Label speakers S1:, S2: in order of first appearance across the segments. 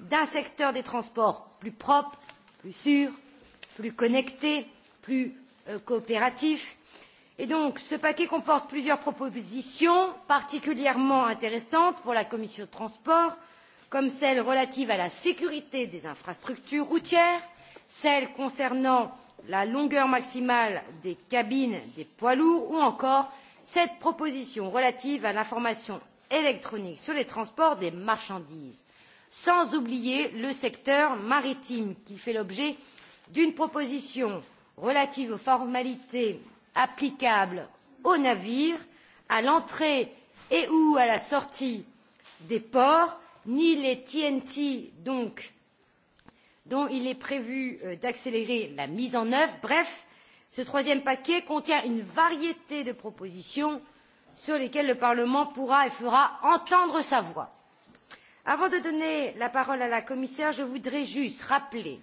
S1: d'un secteur des transports plus propre plus sûr plus connecté plus euh, coopératif. Et donc, ce paquet comporte plusieurs propositions particulièrement intéressantes pour la commission des transports comme celles relatives à la sécurité des infrastructures routières celles concernant la longueur maximale des cabines des poids lourds ou encore cette proposition relative à l'information électronique sur les transports des marchandises sans oublier le secteur maritime qui fait l'objet d'une proposition relative aux formalités applicables aux navires à l'entrée et ou à la sortie des ports ni les tnt donc dont il est prévu euh, d'accélérer la mise en œuvre. bref ce troisième paquet contient une variété de propositions sur lesquelles le parlement pourra et fera entendre sa voix avant de donner la parole à la commissaire je voudrais juste rappeler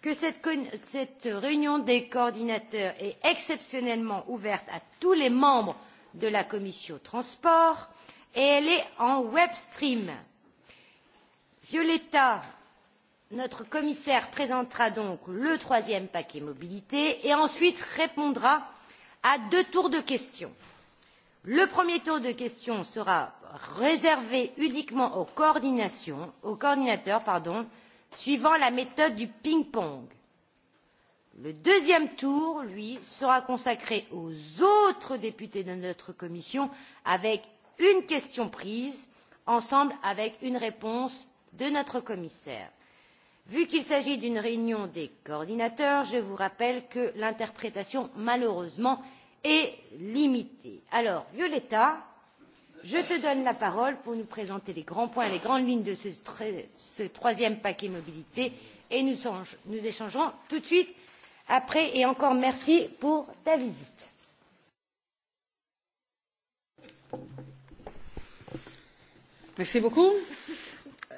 S1: que cette, cette réunion des coordinateurs est exceptionnellement ouverte à tous les membres de la commission des transports et elle est en web stream. violeta notre commissaire présentera donc le troisième paquet mobilité et ensuite répondra à deux tours de questions. le premier tour de questions sera réservée uniquement aux, coordinations, aux coordinateurs pardon, suivant la méthode du ping-pong. Le deuxième tour, lui, sera consacré aux autres députés de notre commission avec une question prise, ensemble avec une réponse de notre commissaire. Vu qu'il s'agit d'une réunion des coordinateurs, je vous rappelle que l'interprétation, malheureusement, est limitée. Alors, Violetta, je te donne la parole pour nous présenter les grands points les grandes lignes de ce, ce troisième paquet mobilité et nous, nous échangerons tout de suite après et encore merci pour ta visite. Merci beaucoup.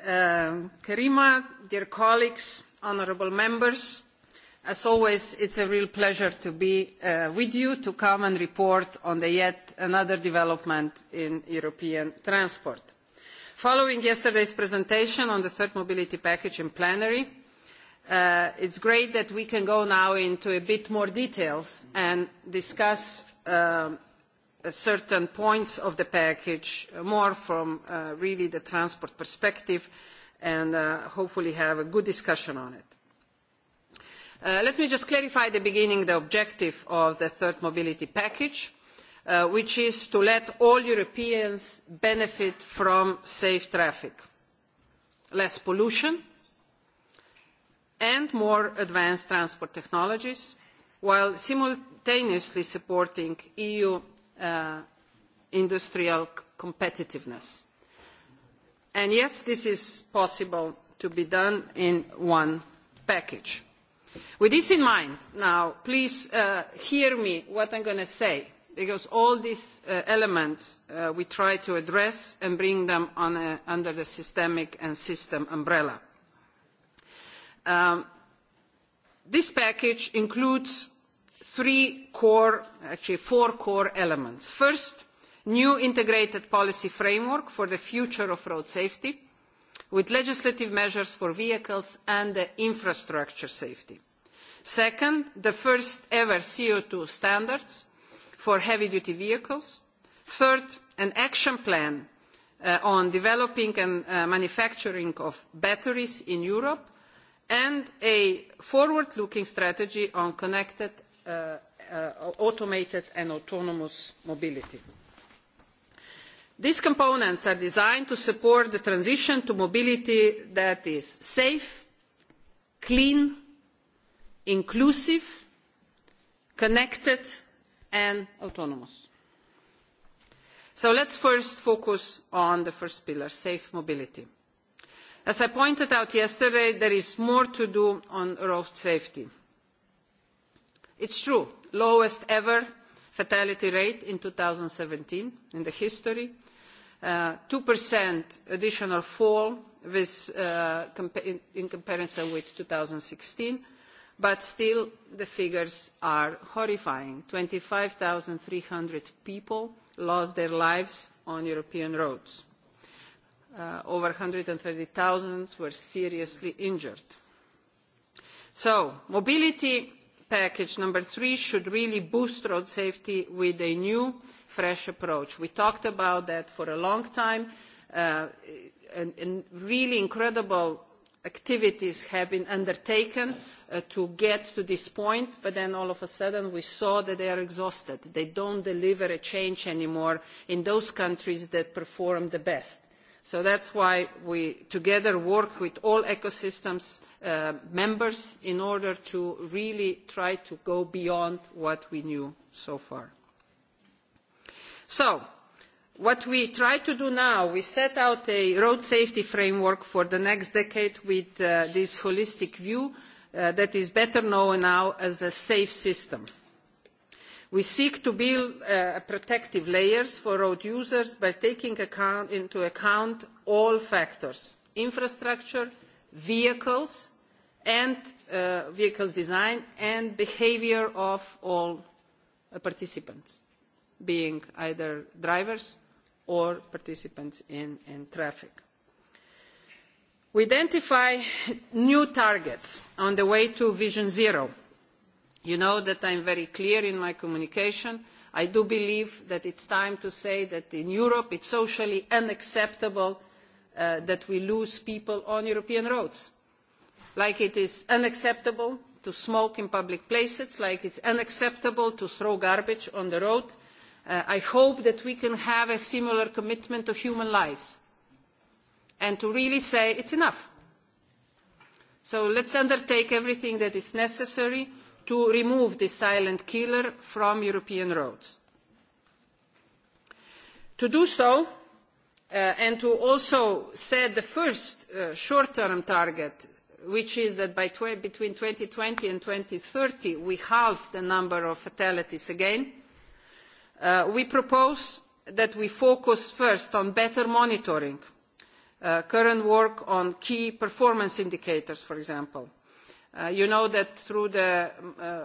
S2: Uh, Karima, dear colleagues, honorable members, As always, it's a real pleasure to be uh, with you to come and report on the yet another development in European transport. Following yesterday's presentation on the third mobility package in plenary, uh, it's great that we can go now into a bit more details and discuss uh, certain points of the package uh, more from uh, really the transport perspective and uh, hopefully have a good discussion on it. Uh, let me just clarify at the beginning the objective of the third mobility package, uh, which is to let all Europeans benefit from safe traffic, less pollution, and more advanced transport technologies, while simultaneously supporting EU uh, industrial competitiveness. And yes, this is possible to be done in one package. With this in mind, now, please uh, hear me what I'm going to say, because all these uh, elements uh, we try to address and bring them on a, under the systemic and system umbrella. Um, this package includes three core, actually four core elements. First, new integrated policy framework for the future of road safety, with legislative measures for vehicles and the infrastructure safety. Second, the first ever CO2 standards for heavy-duty vehicles. Third, an action plan uh, on developing and uh, manufacturing of batteries in Europe, and a forward-looking strategy on connected, uh, uh automated and autonomous mobility. These components are designed to support the transition to mobility that is safe, clean, inclusive, connected and autonomous. So let's first focus on the first pillar, safe mobility. As I pointed out yesterday, there is more to do on road safety. It's true, lowest ever fatality rate in 2017 in the history, uh, 2% additional fall with, uh, compa in, in comparison with 2016, but still the figures are horrifying. twenty five three hundred people lost their lives on european roads. Uh, over one hundred and thirty zero were seriously injured. so mobility package number three should really boost road safety with a new fresh approach. we talked about that for a long time. Uh, a really incredible activities have been undertaken uh, to get to this point, but then all of a sudden we saw that they are exhausted. They don't deliver a change anymore in those countries that perform the best. So that's why we together work with all ecosystems uh, members in order to really try to go beyond what we knew so far. So, what we try to do now, we set out a road safety framework for the next decade with uh, this holistic view uh, that is better known now as a safe system. We seek to build uh, protective layers for road users by taking account, into account all factors, infrastructure, vehicles, and uh, vehicles design, and behavior of all uh, participants, being either drivers, or participants in, in traffic. We identify new targets on the way to Vision Zero. You know that I'm very clear in my communication. I do believe that it's time to say that in Europe it's socially unacceptable uh, that we lose people on European roads. Like it is unacceptable to smoke in public places, like it's unacceptable to throw garbage on the road, uh, Uh, I hope that we can have a similar commitment to human lives and to really say it's enough. So let's undertake everything that is necessary to remove this silent killer from European roads. To do so, uh, and to also set the first uh, short-term target, which is that by tw between 2020 and 2030 we halve the number of fatalities again, uh, Uh, we propose that we focus first on better monitoring, uh, current work on key performance indicators, for example. Uh, you know that through the uh,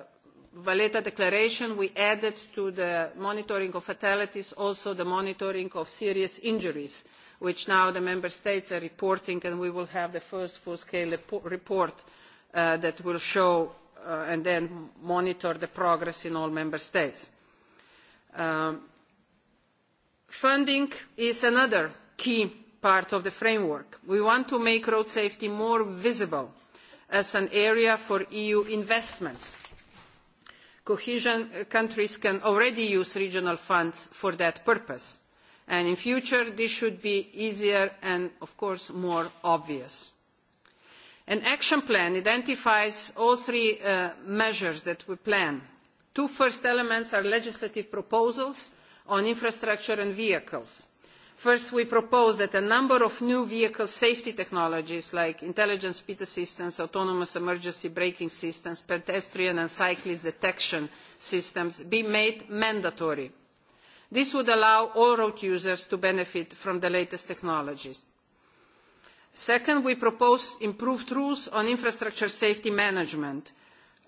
S2: Valletta Declaration, we added to the monitoring of fatalities also the monitoring of serious injuries, which now the member states are reporting, and we will have the first full-scale report uh, that will show uh, and then monitor the progress in all member states. Um, funding is another key part of the framework. We want to make road safety more visible as an area for EU investment. Cohesion uh, countries can already use regional funds for that purpose. And in future, this should be easier and, of course, more obvious. An action plan identifies all three uh, measures that we plan two first elements are legislative proposals on infrastructure and vehicles. First, we propose that a number of new vehicle safety technologies like intelligent speed assistance, autonomous emergency braking systems, pedestrian and cyclist detection systems be made mandatory. This would allow all road users to benefit from the latest technologies. Second, we propose improved rules on infrastructure safety management.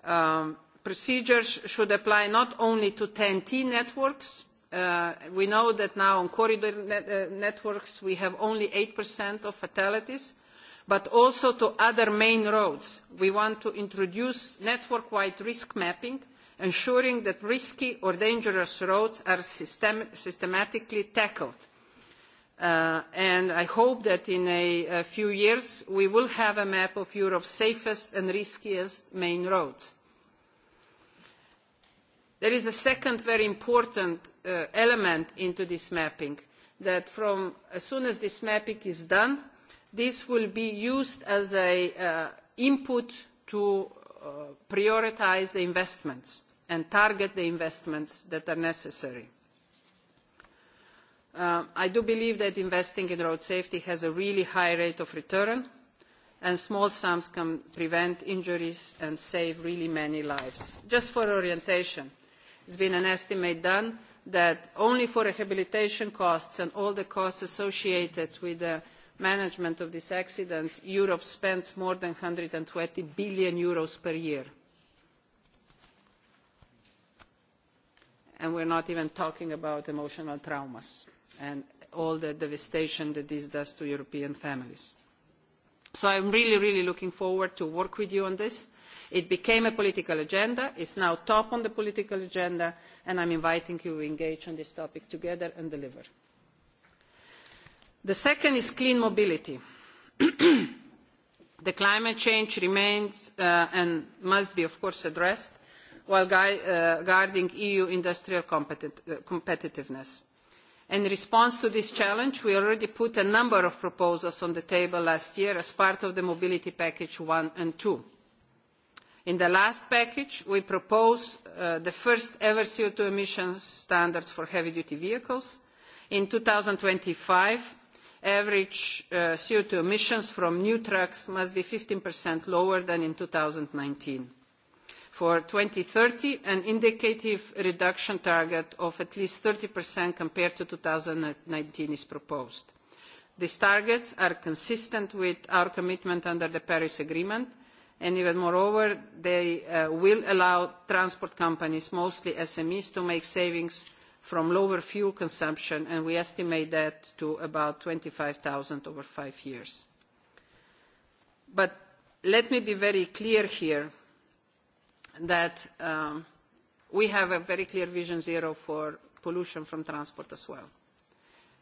S2: Um, procedures should apply not only to TEN-T networks. Uh, we know that now on corridor net, uh, networks we have only 8% of fatalities, but also to other main roads. We want to introduce network-wide risk mapping, ensuring that risky or dangerous roads are system systematically tackled. Uh, and I hope that in a, a few years we will have a map of Europe's safest and riskiest main roads There is a second very important uh, element into this mapping, that from as soon as this mapping is done, this will be used as an uh, input to uh, prioritize the investments and target the investments that are necessary. Uh, I do believe that investing in road safety has a really high rate of return, and small sums can prevent injuries and save really many lives. Just for orientation, has been an estimate done that only for rehabilitation costs and all the costs associated with the management of these accidents, Europe spends more than 120 billion euros per year. And we're not even talking about emotional traumas and all the devastation that this does to European families. So I'm really, really looking forward to work with you on this It became a political agenda, it's now top on the political agenda, and I'm inviting you to engage on this topic together and deliver. The second is clean mobility. the climate change remains uh, and must be, of course, addressed while gui uh, guarding EU industrial competit uh, competitiveness. In response to this challenge, we already put a number of proposals on the table last year as part of the mobility package 1 and 2 In the last package, we propose uh, the first ever CO2 emissions standards for heavy-duty vehicles. In 2025, average uh, CO2 emissions from new trucks must be 15% lower than in 2019. For 2030, an indicative reduction target of at least 30% compared to 2019 is proposed. These targets are consistent with our commitment under the Paris Agreement and even moreover they uh, will allow transport companies mostly smes to make savings from lower fuel consumption and we estimate that to about twenty five zero over five years. but let me be very clear here that um, we have a very clear vision zero for pollution from transport as well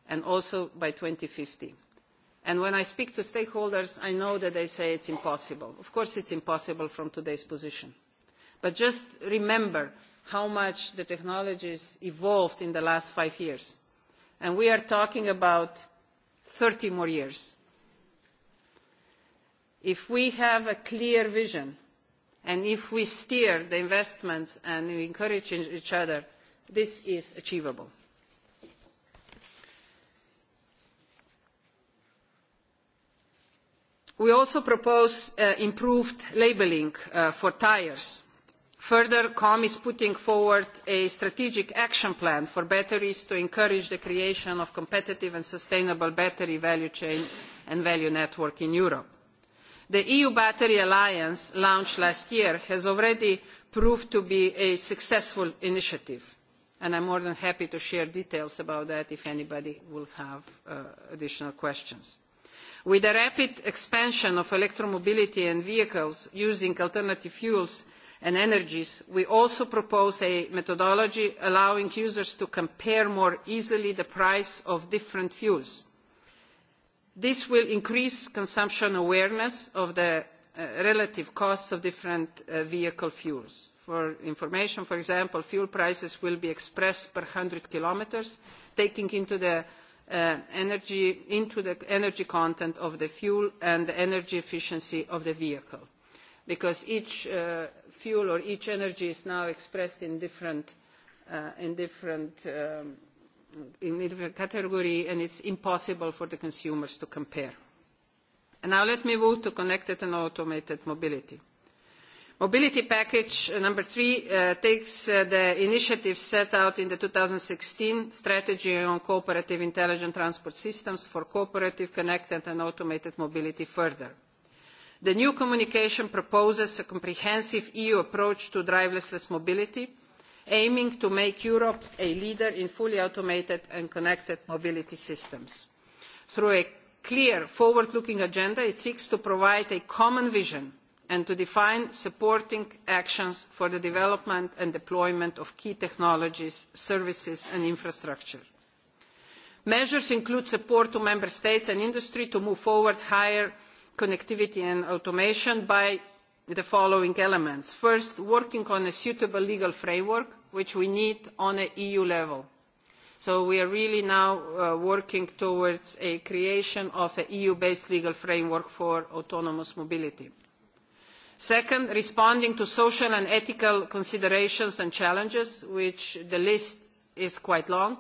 S2: and also by two thousand and fifty And when I speak to stakeholders, I know that they say it's impossible. Of course it's impossible from today's position. But just remember how much the technologies evolved in the last five years. And we are talking about 30 more years. If we have a clear vision, and if we steer the investments and we encourage each other, this is achievable. We also propose uh, improved labelling uh, for tyres. Further, COM is putting forward a strategic action plan for batteries to encourage the creation of competitive and sustainable battery value chain and value network in Europe. The EU Battery Alliance, launched last year, has already proved to be a successful initiative, and I'm more than happy to share details about that if anybody will have uh, additional questions. With the rapid expansion of electromobility and vehicles using alternative fuels and energies, we also propose a methodology allowing users to compare more easily the price of different fuels. This will increase consumption awareness of the uh, relative costs of different uh, vehicle fuels. For information, for example, fuel prices will be expressed per 100 kilometers, taking into the uh, energy into the energy content of the fuel and the energy efficiency of the vehicle because each uh, fuel or each energy is now expressed in different uh, in different um, in different category and it's impossible for the consumers to compare. And now let me move to connected and automated mobility mobility package uh, number three uh, takes uh, the initiative set out in the two thousand and sixteen strategy on cooperative intelligent transport systems for cooperative connected and automated mobility further. the new communication proposes a comprehensive eu approach to driverless mobility aiming to make europe a leader in fully automated and connected mobility systems. through a clear forward looking agenda it seeks to provide a common vision and to define supporting actions for the development and deployment of key technologies, services and infrastructure. Measures include support to member states and industry to move forward higher connectivity and automation by the following elements. First, working on a suitable legal framework, which we need on an EU level. So we are really now uh, working towards a creation of an EU-based legal framework for autonomous mobility. Second, responding to social and ethical considerations and challenges, which the list is quite long,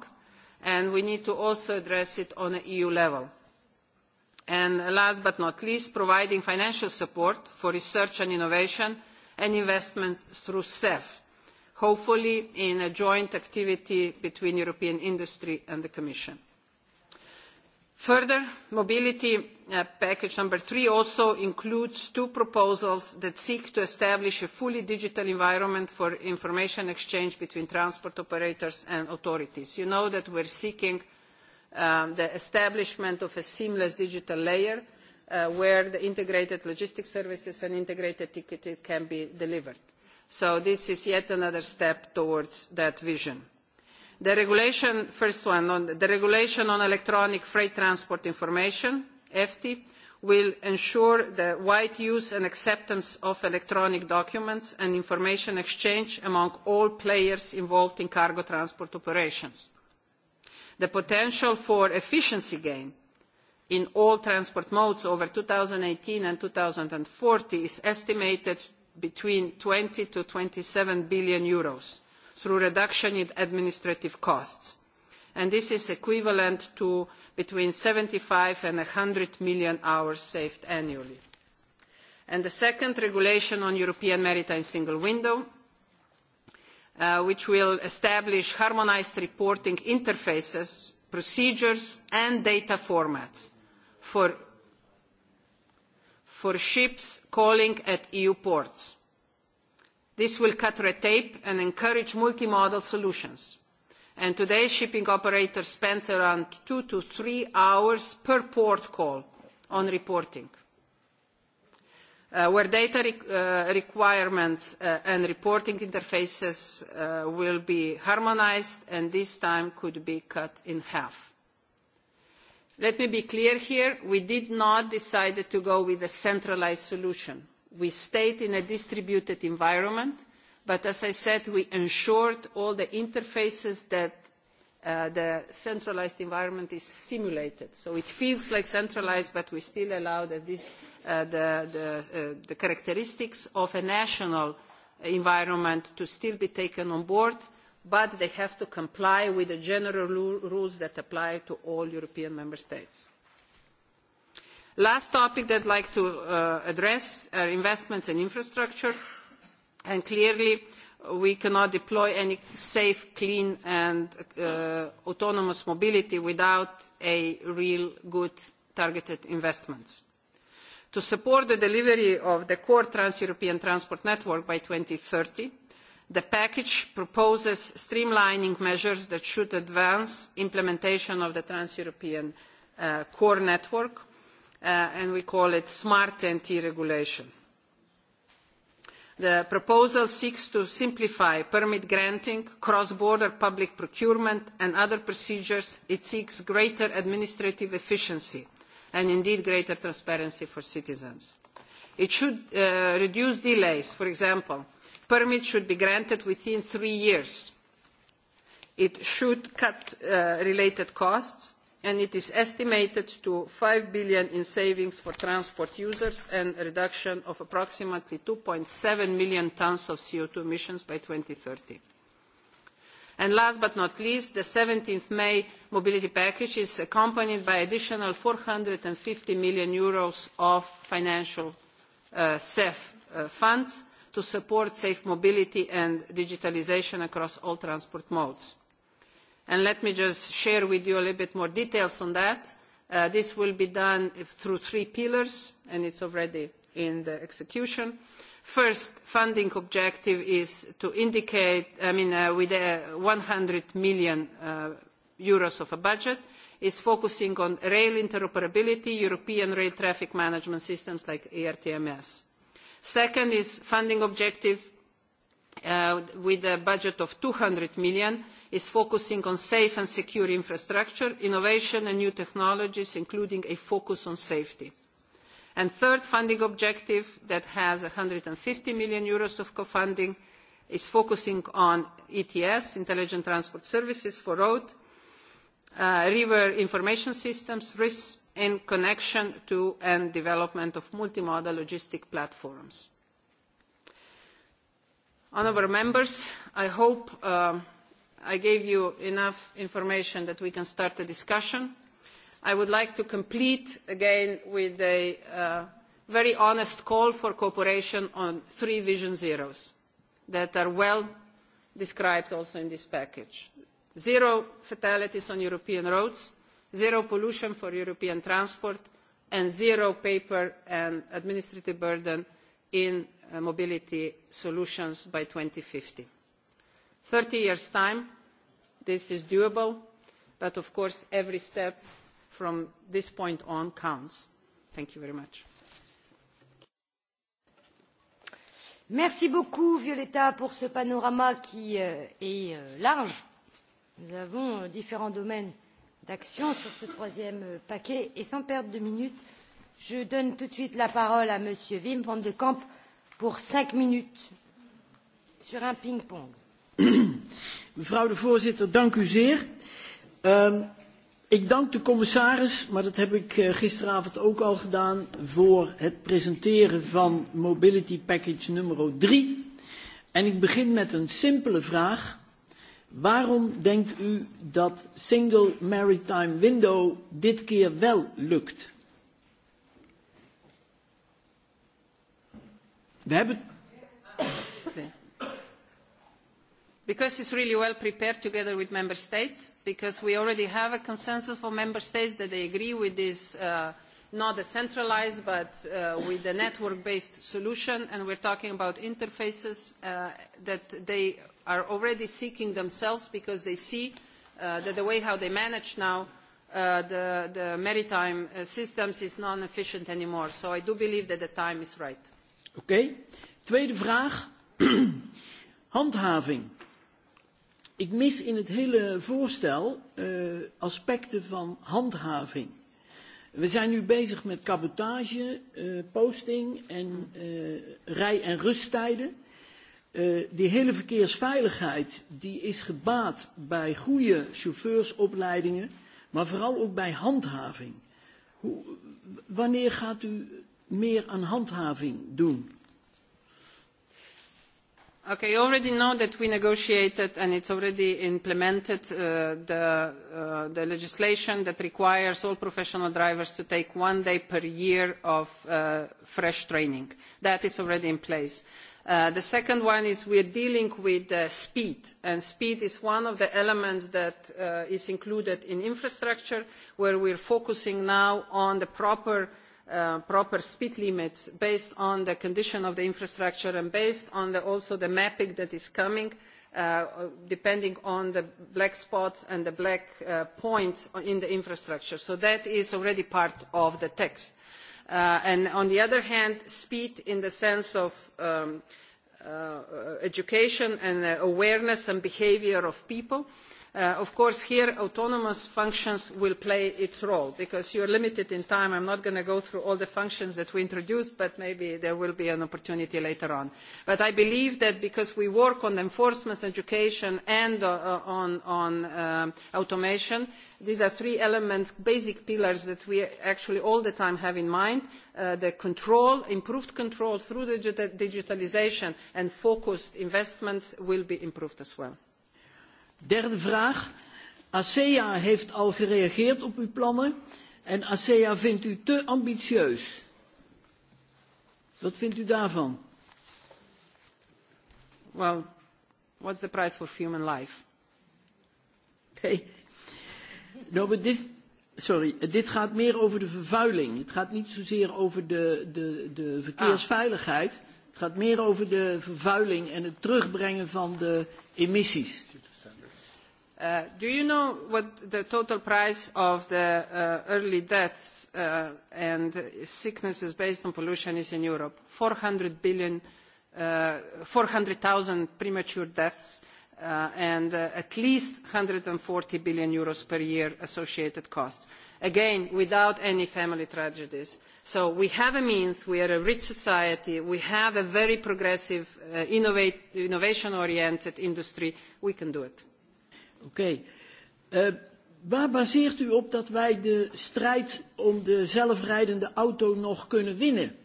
S2: and we need to also address it on an EU level. And last but not least, providing financial support for research and innovation and investments through CEF, hopefully in a joint activity between European industry and the Commission further mobility uh, package number three also includes two proposals that seek to establish a fully digital environment for information exchange between transport operators and authorities. you know that we are seeking um, the establishment of a seamless digital layer uh, where the integrated logistics services and integrated ticketing can be delivered. so this is yet another step towards that vision. The regulation, first one, on the regulation on electronic freight transport information, EFTI, will ensure the wide use and acceptance of electronic documents and information exchange among all players involved in cargo transport operations. The potential for efficiency gain in all transport modes over 2018 and 2040 is estimated between 20 billion-27 billion euros through reduction in administrative costs. And this is equivalent to between 75 and 100 million hours saved annually. And the second regulation on European Maritime Single Window, uh, which will establish harmonized reporting interfaces, procedures and data formats for, for ships calling at EU ports This will cut red tape and encourage multimodal solutions. And today, shipping operators spend around two to three hours per port call on reporting. Uh, where data re uh, requirements uh, and reporting interfaces uh, will be harmonized, and this time could be cut in half. Let me be clear here, we did not decide to go with a centralized solution We stayed in a distributed environment, but as I said, we ensured all the interfaces that uh, the centralized environment is simulated. So it feels like centralized, but we still allow the, uh, the, the, uh, the characteristics of a national environment to still be taken on board, but they have to comply with the general rules that apply to all European member states last topic that i'd like to uh, address are investments in infrastructure and clearly we cannot deploy any safe clean and uh, autonomous mobility without a real good targeted investments to support the delivery of the core trans-european transport network by 2030 the package proposes streamlining measures that should advance implementation of the trans-european uh, core network Uh, and we call it smart NT regulation. The proposal seeks to simplify permit granting, cross-border public procurement and other procedures. It seeks greater administrative efficiency and indeed greater transparency for citizens. It should uh, reduce delays. For example, permits should be granted within three years. It should cut uh, related costs and it is estimated to 5 billion in savings for transport users and a reduction of approximately 2.7 million tons of CO2 emissions by 2030. And last but not least, the 17th May mobility package is accompanied by additional 450 million euros of financial uh, CEF uh, funds to support safe mobility and digitalization across all transport modes and let me just share with you a little bit more details on that. Uh, this will be done through three pillars, and it's already in the execution. First funding objective is to indicate, I mean, uh, with uh, 100 million uh, euros of a budget, is focusing on rail interoperability, European rail traffic management systems like ERTMS. Second is funding objective Uh, with a budget of 200 million, is focusing on safe and secure infrastructure, innovation and new technologies, including a focus on safety. And third funding objective that has 150 million euros of co-funding is focusing on ETS, Intelligent Transport Services for road, uh, river information systems, risks, and connection to and development of multimodal logistic platforms honourable members i hope uh, i gave you enough information that we can start a discussion. i would like to complete again with a uh, very honest call for cooperation on three vision zeros that are well described also in this package zero fatalities on european roads zero pollution for european transport and zero paper and administrative burden in Uh, mobility solutions by 2050. 30 years' time, this is doable, but of course every step from this point on counts. Thank you very much.
S1: Merci beaucoup Violetta pour ce panorama qui euh, est euh, large. Nous avons euh, différents domaines d'action sur ce troisième paquet et sans perdre de minutes, je donne tout de suite la parole à Monsieur Wim van de Kamp voor cinq minutes sur un ping pong.
S3: mevrouw de voorzitter dank u zeer. Uh, ik dank de commissaris maar dat heb ik uh, gisteravond ook al gedaan voor het presenteren van mobility package nummer drie en ik begin met een simpele vraag waarom denkt u dat single maritime window dit keer wel lukt? We hebben...
S2: Because it's really well prepared together with member states, because we already have a consensus for member states that they agree with this, uh, not a centralized, but uh, with a network-based solution, and we're talking about interfaces uh, that they are already seeking themselves because they see uh, that the way how they manage now uh, the, the maritime uh, systems is non-efficient anymore. So I do believe that the time is right.
S3: Oké. Okay. Tweede vraag. Handhaving. Ik mis in het hele voorstel uh, aspecten van handhaving. We zijn nu bezig met cabotage, uh, posting en uh, rij- en rusttijden. Uh, die hele verkeersveiligheid die is gebaat bij goede chauffeursopleidingen, maar vooral ook bij handhaving. Hoe, wanneer gaat u meer aan handhaving doen?
S2: Okay, you already know that we negotiated and it's already implemented uh, the, uh, the legislation that requires all professional drivers to take one day per year of uh, fresh training. That is already in place. Uh, the second one is we're dealing with uh, speed, and speed is one of the elements that uh, is included in infrastructure, where we're focusing now on the proper uh, Uh, proper speed limits based on the condition of the infrastructure and based on the, also the mapping that is coming uh, depending on the black spots and the black uh, points in the infrastructure. So that is already part of the text. Uh, and on the other hand, speed in the sense of um, uh, education and uh, awareness and behavior of people uh, Uh, of course, here autonomous functions will play its role because you're limited in time. I'm not going to go through all the functions that we introduced, but maybe there will be an opportunity later on. But I believe that because we work on enforcement, education, and uh, uh on, on um, automation, these are three elements, basic pillars that we actually all the time have in mind. Uh, the control, improved control through digital digitalization and focused investments will be improved as well.
S3: Derde vraag. ASEA heeft al gereageerd op uw plannen en ASEA vindt u te ambitieus.
S2: Wat vindt u daarvan? Well, what's the price for human life? Okay. No, but this,
S3: sorry, dit gaat meer over de vervuiling. Het gaat niet zozeer over de, de, de ah. verkeersveiligheid. Ah. Het gaat meer over de vervuiling en het terugbrengen van de
S2: emissies. Uh, do you know what the total price of the uh, early deaths uh, and sicknesses based on pollution is in Europe? 400 billion, uh, 400,000 premature deaths uh, and uh, at least 140 billion euros per year associated costs. Again, without any family tragedies. So we have a means, we are a rich society, we have a very progressive, uh, innovation-oriented industry, we can do it.
S3: Oké. Okay. Uh, eh, waar baseert u op dat wij de strijd om de zelfrijdende auto nog kunnen winnen?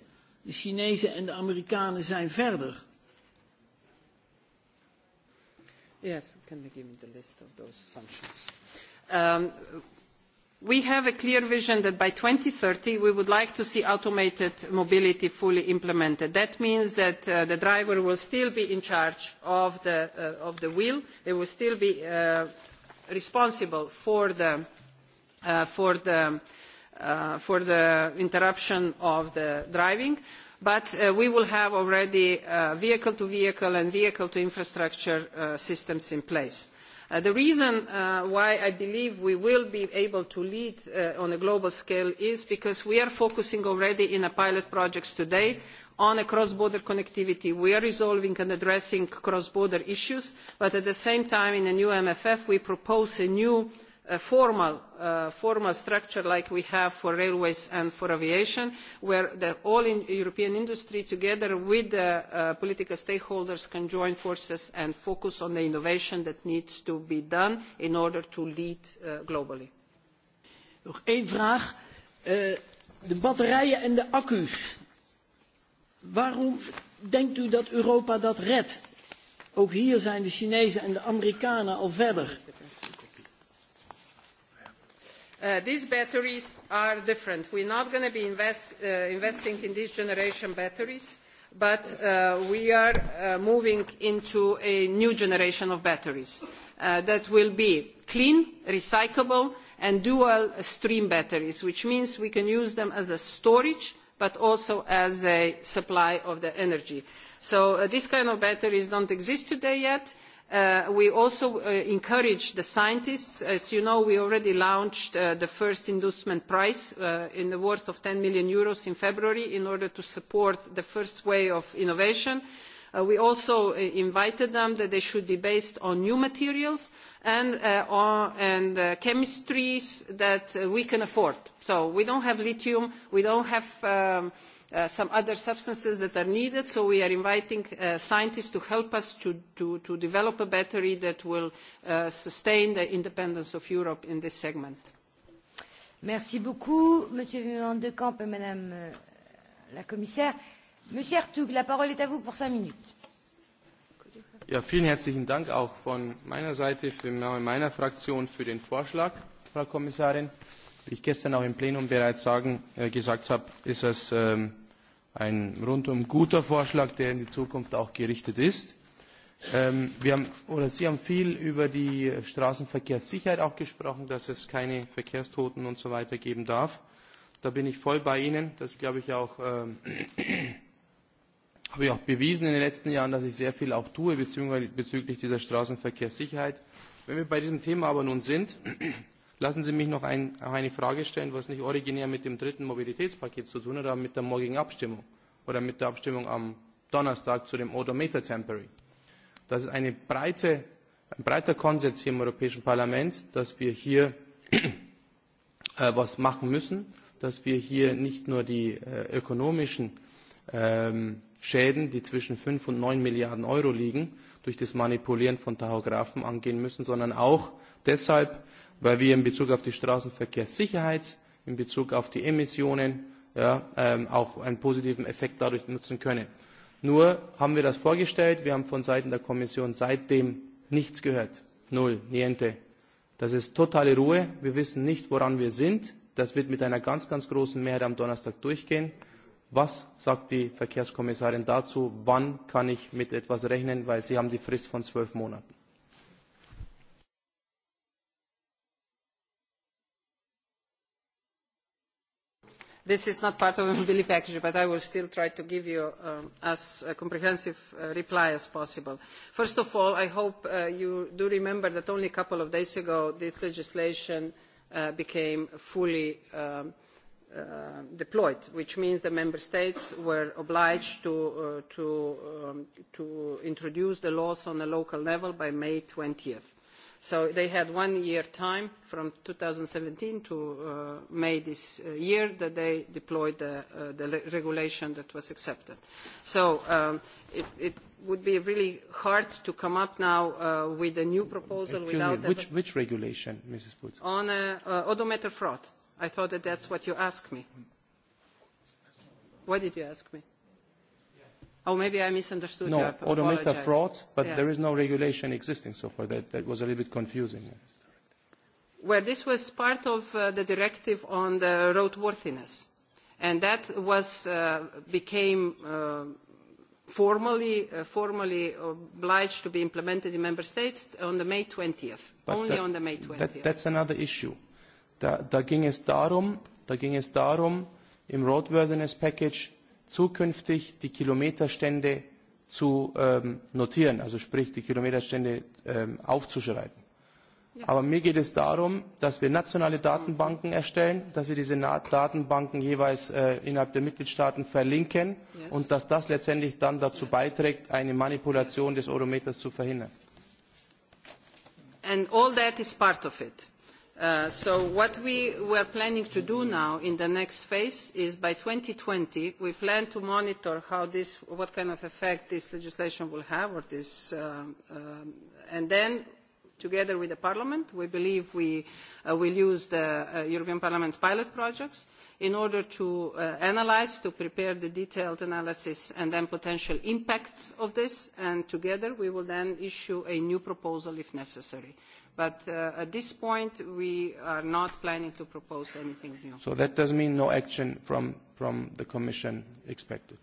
S3: De Chinezen en de Amerikanen zijn verder.
S2: Yes, can you give me the list of those functions? Um, We have a clear vision that by 2030, we would like to see automated mobility fully implemented. That means that uh, the driver will still be in charge of the, uh, of the wheel. They will still be uh, responsible for the, uh, for, the, uh, for the interruption of the driving. But uh, we will have already vehicle-to-vehicle -vehicle and vehicle-to-infrastructure systems in place. Uh, the reason uh, why I believe we will be able to lead uh, on a global scale is because we are focusing already in a pilot projects today on a cross-border connectivity. We are resolving and addressing cross-border issues, but at the same time in the new MFF we propose a new a formal, uh, formal structure like we have for railways and for aviation, where the all in European industry together with the uh, political stakeholders can join forces and focus on the innovation that needs to be done in order to lead uh, globally.
S3: Nog één vraag. Uh, de batterijen en de accu's. Waarom denkt u dat Europa dat redt? Ook hier zijn de Chinezen en de Amerikanen al verder.
S2: Uh, these batteries are different. We're not going to be invest, uh, investing in this generation batteries, but uh, we are uh, moving into a new generation of batteries uh, that will be clean, recyclable, and dual stream batteries, which means we can use them as a storage but also as a supply of the energy. So uh, these kind of batteries don't exist today yet Uh, we also uh, encourage the scientists. As you know, we already launched uh, the first inducement prize uh, in the worth of 10 million euros in February in order to support the first wave of innovation. Uh, we also uh, invited them that they should be based on new materials and, on, and chemistries that we can afford. So we don't have lithium, we don't have um, uh, some other substances that are needed. So we are inviting uh, scientists to help us to, to, to develop a battery that will uh, sustain the independence of Europe in this segment.
S1: Merci beaucoup, Monsieur Van de Camp et Madame euh, la Commissaire. Monsieur Hertug, la parole est à vous pour cinq minutes.
S4: Ja, vielen herzlichen Dank auch von meiner Seite, für meiner Fraktion für den Vorschlag, Frau Kommissarin. Äh, ich gestern auch im Plenum bereits sagen, äh, gesagt habe, ist es ähm, ein rundum guter Vorschlag, der in die Zukunft auch gerichtet ist. Ähm, wir haben, oder Sie haben viel über die Straßenverkehrssicherheit auch gesprochen, dass es keine Verkehrstoten und so weiter geben darf. Da bin ich voll bei Ihnen. Das glaube ich auch, ähm, habe ich auch bewiesen in den letzten Jahren, dass ich sehr viel auch tue bezüglich dieser Straßenverkehrssicherheit. Wenn wir bei diesem Thema aber nun sind, Lassen Sie mich noch, ein, noch eine Frage stellen, was nicht originär mit dem dritten Mobilitätspaket zu tun hat, aber mit der morgigen Abstimmung oder mit der Abstimmung am Donnerstag zu dem Odometer Temporary. Das ist eine breite, ein breiter Konsens hier im Europäischen Parlament, dass wir hier etwas äh, machen müssen, dass wir hier nicht nur die äh, ökonomischen ähm, Schäden, die zwischen 5 und 9 Milliarden Euro liegen, durch das Manipulieren von Tachographen angehen müssen, sondern auch deshalb, weil wir in Bezug auf die Straßenverkehrssicherheit, in Bezug auf die Emissionen ja, ähm, auch einen positiven Effekt dadurch nutzen können. Nur haben wir das vorgestellt, wir haben von Seiten der Kommission seitdem nichts gehört. Null, niente. Das ist totale Ruhe. Wir wissen nicht, woran wir sind. Das wird mit einer ganz, ganz großen Mehrheit am Donnerstag durchgehen. Was sagt die Verkehrskommissarin dazu? Wann kann ich mit etwas rechnen? Weil Sie haben die Frist von zwölf Monaten.
S2: this is not part of the mobility package but i will still try to give you um, as a uh, comprehensive uh, reply as possible. first of all i hope uh, you do remember that only a couple of days ago this legislation uh, became fully um, uh, deployed, which means the member states were obliged to, uh, to, um, to introduce the laws on a local level by May 20th So they had one year time from 2017 to uh, May this uh, year that they deployed the, uh, the regulation that was accepted. So um, it, it would be really hard to come up now uh, with a new proposal Excuse without... Me, which, ever...
S4: which regulation, Mrs. Putz?
S2: On uh, uh, odometer fraud. I thought that that's what you asked me. What did you ask me? Oh, maybe I misunderstood no, you. No, odometer frauds, but yes. there is
S4: no regulation existing, so for that, that was a little bit confusing.
S2: Well, this was part of uh, the directive on the roadworthiness, and that was uh, became uh, formally uh, formally obliged to be implemented in member states on the May 20th, but only that, on the May 20th. That,
S4: that's another issue. Da, da ging es darum, da ging es darum im Roadworthiness Package zukünftig die Kilometerstände zu ähm, notieren, also sprich die Kilometerstände ähm, aufzuschreiben. Yes. Aber mir geht es darum, dass wir nationale Datenbanken erstellen, dass wir diese Na Datenbanken jeweils äh, innerhalb der Mitgliedstaaten verlinken yes. und dass das letztendlich dann dazu yes. beiträgt, eine Manipulation yes. des Eurometers zu verhindern.
S2: And all that is part of it. Uh, so what we were planning to do now in the next phase is by 2020, we plan to monitor how this, what kind of effect this legislation will have or this. Um, um, and then together with the Parliament, we believe we uh, will use the uh, European Parliament's pilot projects in order to uh, analyze, to prepare the detailed analysis and then potential impacts of this. Together, we will then issue a new proposal if necessary But uh, at this point, we are not planning to propose anything new. So that does mean
S4: no action from, from the Commission expected?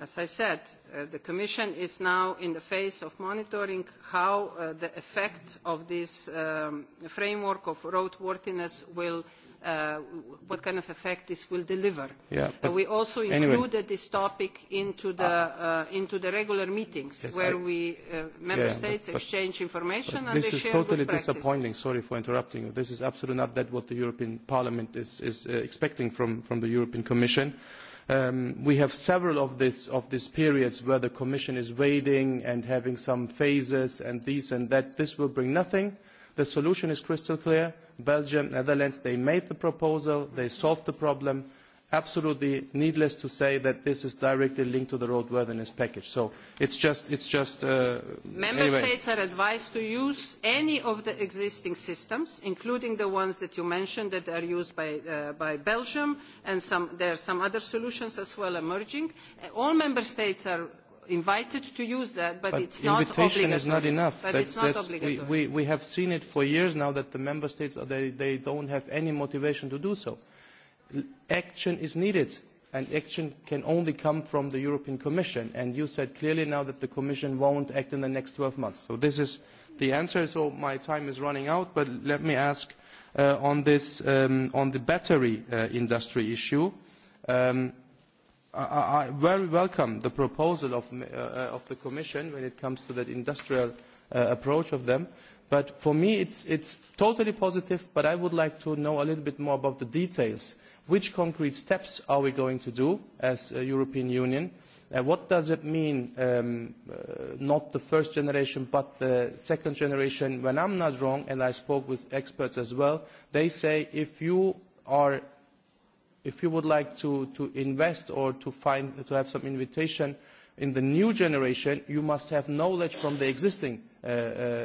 S2: As I said, uh, the Commission is now in the phase of monitoring how uh, the effects of this um, framework of roadworthiness will uh, uh, what kind of effect this will deliver. Yeah, uh, we also included anyway. this topic into the, ah. uh, into the regular meetings yes, where I, we, uh, member yeah, states but, but, exchange information and this they is share totally good practices.
S4: disappointing. Sorry for interrupting you. This is absolutely not that what the European Parliament is, is uh, expecting from, from the European Commission. Um, we have several of, this, of these periods where the Commission is waiting and having some phases and these and that. This will bring nothing. Uh, The solution is crystal clear. Belgium, Netherlands, they made the proposal, they solved the problem. Absolutely needless to say that this is directly linked to the roadworthiness package. So it's just... It's just uh, Member anyway. states
S2: are advised to use any of the existing systems, including the ones that you mentioned that are used by, uh, by Belgium, and some, there are some other solutions as well emerging. All member states are invited to use that, but, but it's not obligatory. invitation is not enough. But that's, it's not that's, obligatory.
S4: We, we have seen it for years now that the member states, they, they don't have any motivation to do so. Action is needed, and action can only come from the European Commission. And you said clearly now that the Commission won't act in the next 12 months. So this is the answer. So my time is running out, but let me ask uh, on, this, um, on the battery uh, industry issue. Um, I, I very welcome the proposal of, uh, uh, of the Commission when it comes to that industrial uh, approach of them. But for me, it's, it's totally positive, but I would like to know a little bit more about the details. Which concrete steps are we going to do as a European Union? Uh, what does it mean, um, uh, not the first generation, but the second generation? When I'm not wrong, and I spoke with experts as well, they say if you are if you would like to, to invest or to, find, to have some invitation in the new generation, you must have knowledge from the existing uh, uh,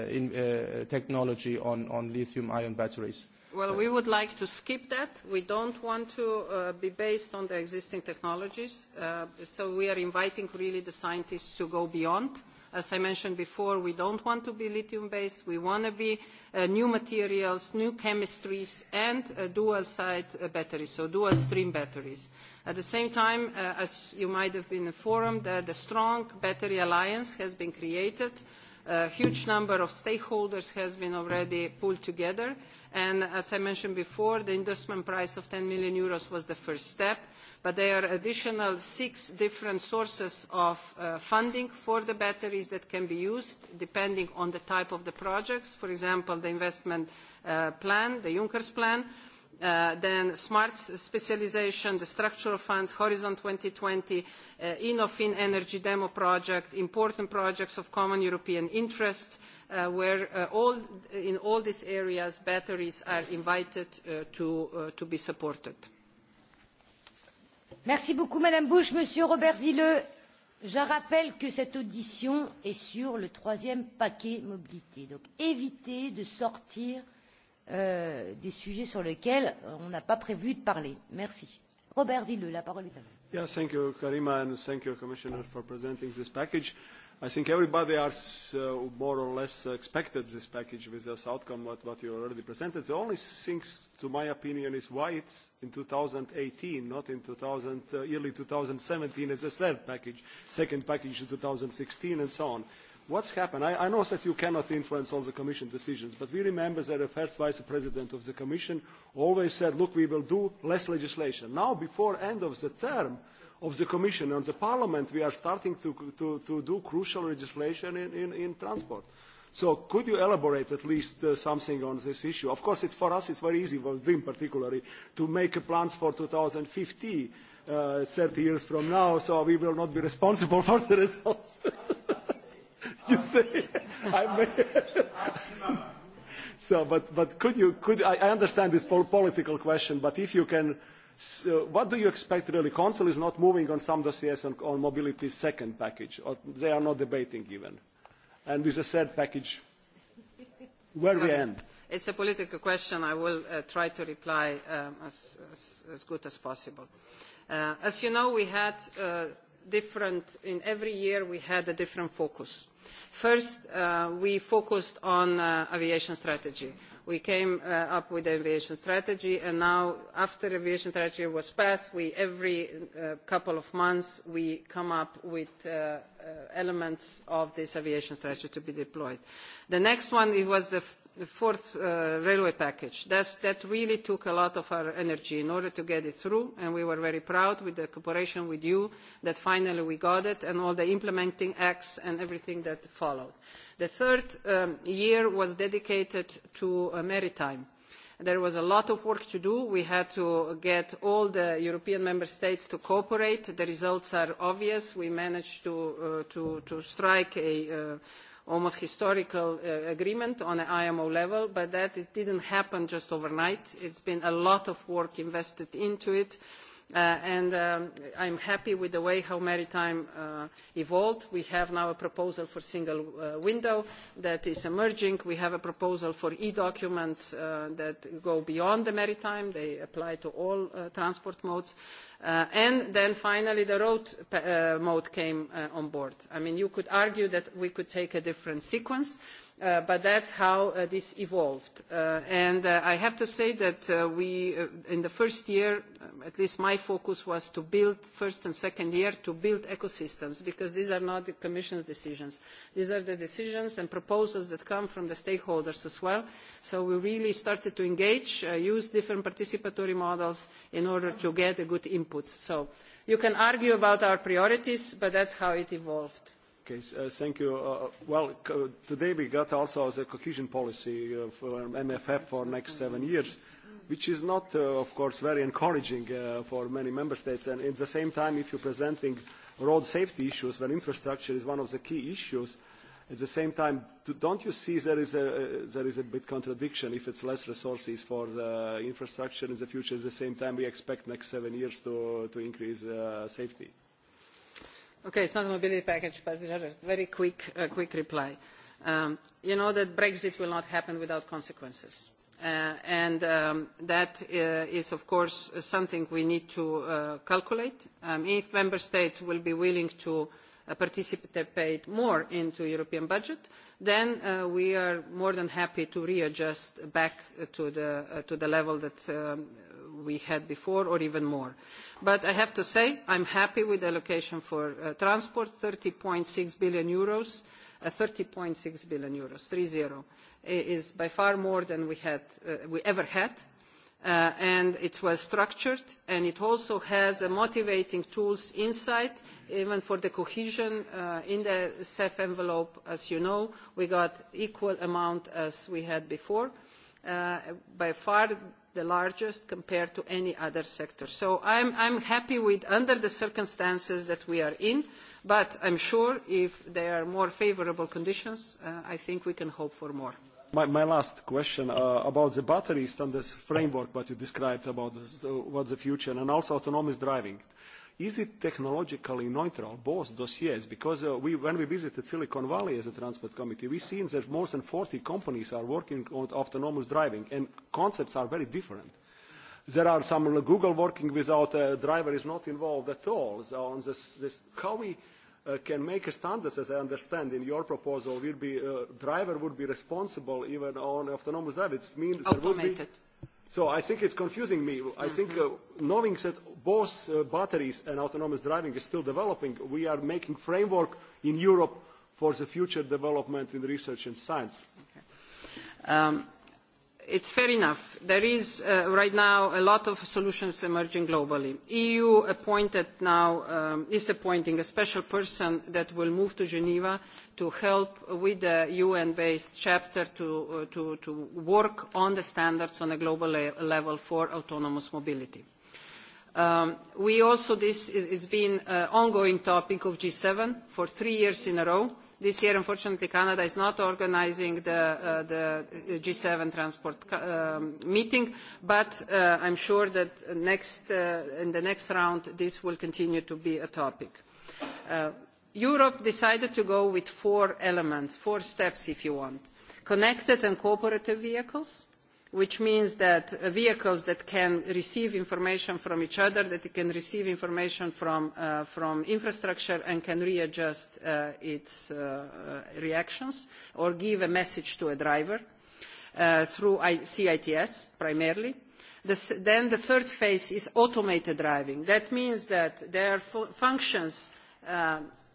S4: in, uh, technology on, on lithium-ion batteries.
S2: Well, we would like to skip that. We don't want to uh, be based on the existing technologies. Uh, so we are inviting really the scientists to go beyond. Uh, As I mentioned before, we don't want to be lithium-based. We want to be uh, new materials, new chemistries, and uh, dual-side uh, batteries, so dual-stream batteries. At the same time, uh, as you might have been informed, uh, the Strong Battery Alliance has been created uh, A huge number of stakeholders has been already pulled together, and as I mentioned before, the investment price of 10 million euros was the first step, but there are additional six different sources of uh, funding for the batteries that can be used depending on the type of the projects. For example, the investment uh, plan, the Juncker's plan, uh, Uh, then smart specialization, the structural funds, Horizon 2020, uh, Innofin Energy Demo Project, important projects of common European interest, uh, where uh, all, in all these areas batteries are invited uh, to, uh, to be supported.
S1: Merci beaucoup Madame Bush, Monsieur Robert Zilleux. Je rappelle que cette audition est sur le troisième paquet mobilité. Donc évitez de sortir euh, euh, des sujets sur lesquels on n'a pas prévu de parler. Merci. Robert Zille, la parole est à vous.
S5: Yeah, thank you, Karima, and thank you, Commissioner, for presenting this package. I think everybody has uh, more or less expected this package with this outcome, what, what you already presented. The only thing, to my opinion, is why it's in 2018, not in 2000, uh, early 2017 as a third package, second package in 2016, and so on. Uh, What's happened? I, I know that you cannot influence all the Commission decisions, but we remember that the first Vice President of the Commission always said, look, we will do less legislation. Now, before end of the term, of the Commission and the Parliament, we are starting to, to, to do crucial legislation in, in, in transport. So could you elaborate at least uh, something on this issue? Of course, it's, for us it's very easy, for DREAM particularly, to make plans for 2050, uh, 30 years from now, so we will not be responsible for the results. you say I may. so, but but could you could I, I understand this pol- political question? But if you can, so uh, what do you expect really? Council is not moving on some dossiers on, on mobility's second package, or they are not debating even, and with a third package, where okay. we end.
S2: It's a political question. I will uh, try to reply um, as, as, as good as possible. Uh, as you know, we had. Uh, different, in every year we had a different focus. First, uh, we focused on uh, aviation strategy. We came uh, up with the aviation strategy, and now after aviation strategy was passed, we every uh, couple of months we come up with uh, uh, elements of this aviation strategy to be deployed. The next one it was the fourth uh, railway package. That's, that really took a lot of our energy in order to get it through, and we were very proud with the cooperation with you that finally we got it, and all the implementing acts and everything that followed. The third um, year was dedicated to uh, maritime. There was a lot of work to do. We had to get all the European member states to cooperate. The results are obvious. We managed to, uh, to, to strike a uh, almost historical uh, agreement on an IMO level, but that it didn't happen just overnight. It's been a lot of work invested into it. Uh, Uh, and um, I'm happy with the way how maritime uh, evolved. We have now a proposal for single uh, window that is emerging. We have a proposal for e-documents uh, that go beyond the maritime. They apply to all uh, transport modes. Uh, and then finally the road uh, mode came uh, on board. I mean, you could argue that we could take a different sequence. Uh, Uh, but that's how uh, this evolved. Uh, and uh, I have to say that uh, we, uh, in the first year, um, at least my focus was to build, first and second year, to build ecosystems, because these are not the Commission's decisions. These are the decisions and proposals that come from the stakeholders as well. So we really started to engage, uh, use different participatory models in order to get a good inputs. So you can argue about our priorities, but that's how it evolved.
S5: Okay, uh, thank you. Uh, uh well, co uh, today we got also the cohesion policy uh, for MFF for next seven years, which is not, uh, of course, very encouraging uh, for many member states. And at the same time, if you're presenting road safety issues where infrastructure is one of the key issues, at the same time, don't you see there is a, uh, there is a bit contradiction if it's less resources for the infrastructure in the future, at the same time we expect next seven years to, to increase uh, safety? Uh,
S2: Okay, it's not a mobility package, but just a very quick, uh, quick reply. Um, you know that Brexit will not happen without consequences. Uh, and um, that uh, is, of course, something we need to uh, calculate. Um, if member states will be willing to uh, participate more into European budget, then uh, we are more than happy to readjust back to the, uh, to the level that um, we had before or even more. But I have to say I'm happy with the allocation for uh, transport, 30.6 billion euros. Uh, 30.6 billion euros, 3-0, is by far more than we, had, uh, we ever had. Uh, and it's well structured and it also has a motivating tools inside even for the cohesion uh, in the CEF envelope as you know we got equal amount as we had before uh, by far the largest compared to any other sector. So I'm, I'm happy with under the circumstances that we are in, but I'm sure if there are more favorable conditions, uh, I think we can hope for more.
S5: My, my last question uh, about the batteries and this framework that you described about this, uh, what the future and also autonomous driving. Uh, Is it technologically neutral, both dossiers? Because uh, we, when we visited Silicon Valley as a transport committee, we've seen that more than 40 companies are working on autonomous driving, and concepts are very different. There are some like Google working without a uh, driver is not involved at all. So on this, this, how we uh, can make a standard, as I understand in your proposal, will be uh, driver would be responsible even on autonomous driving. It means automated. There would be So I think it's confusing me. I mm-hmm. think uh, knowing that both uh, batteries and autonomous driving is still developing, we are making framework in Europe for the future development in research and science.
S2: Okay. Um, it's fair enough. There is uh, right now a lot of solutions emerging globally. EU appointed now um, is appointing a special person that will move to Geneva to help with the UN-based chapter to, uh, to, to work on the standards on a global le level for autonomous mobility. Um, we also, this is, is been an uh, ongoing topic of G7 for three years in a row This year, unfortunately, Canada is not organizing the, uh, the G7 transport um, meeting, but uh, I'm sure that next, uh, in the next round, this will continue to be a topic. Uh, Europe decided to go with four elements, four steps if you want. Connected and cooperative vehicles, uh, which means that uh, vehicles that can receive information from each other, that it can receive information from, uh, from infrastructure and can readjust uh, its uh, uh reactions or give a message to a driver uh, through I CITS primarily. This, then the third phase is automated driving. That means that there are fu functions uh,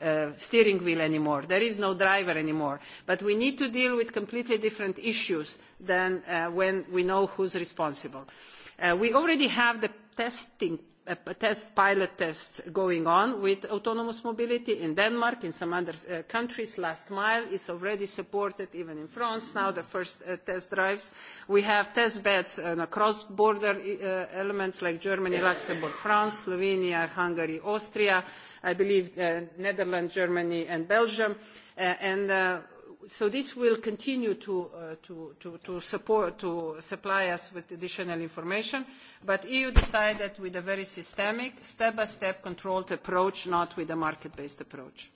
S2: uh, steering wheel anymore. There is no driver anymore. But we need to deal with completely different issues than uh, when we know who's responsible. Uh, we already have the testing test, pilot tests going on with autonomous mobility in Denmark, in some other uh, countries. Last mile is already supported, even in France now, the first uh, test drives. We have test beds on uh, cross-border e, uh, elements like Germany, Luxembourg, France, Slovenia, Hungary, Austria, I believe uh, Netherlands, Germany, and Belgium. Uh, and uh, So this will continue to, uh, to, to, to support, to supply us with additional information, but EU decided with a very systemic, step-by-step -step controlled approach,
S1: not with a market-based approach.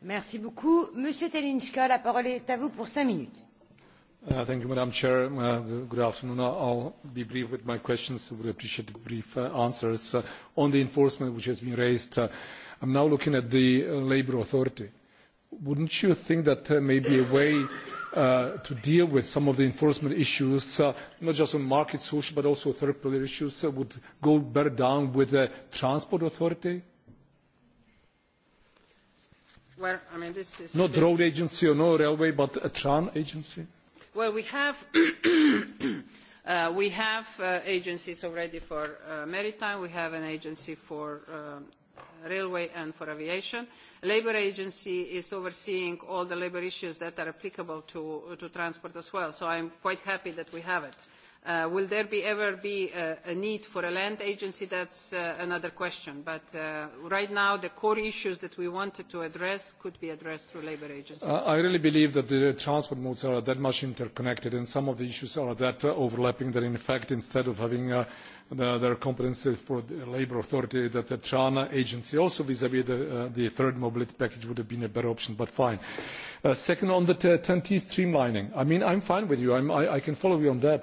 S1: Merci beaucoup. Monsieur Telinska, la parole est à vous pour cinq minutes.
S6: Uh, thank you, Madam Chair. Uh, good afternoon. I'll be brief with my questions. I would appreciate brief uh, answers. Uh, on the enforcement, which has been raised, uh, I'm now looking at the uh, Labor Authority wouldn't you think that uh, maybe a way uh, to deal with some of the enforcement issues, uh, not just on market social, but also third-party issues, uh, would go better down with the transport authority?
S2: Well, I mean, this is not bit... road
S6: agency or no railway, but a tram agency.
S2: Well, we have uh, we have uh, agencies already for uh, maritime. We have an agency for um, railway and for aviation. Labour agency is overseeing all the labour issues that are applicable to, to transport as well, so I'm quite happy that we have it. Uh, Uh, will there be ever be a, uh, a need for a land agency? That's uh, another question. But uh, right now, the core issues that we wanted to address could be addressed through labor agencies. Uh, I
S6: really believe that the transport modes are that much interconnected, and some of the issues are that uh, overlapping that, in fact, instead of having uh, the, their competency for the labor authority, that the China agency also vis-à-vis -vis the, uh, the third mobility package would have been a better option, but fine. Uh, second, on the 10T streamlining, I mean, I'm fine with you. I'm, I, I can follow you on that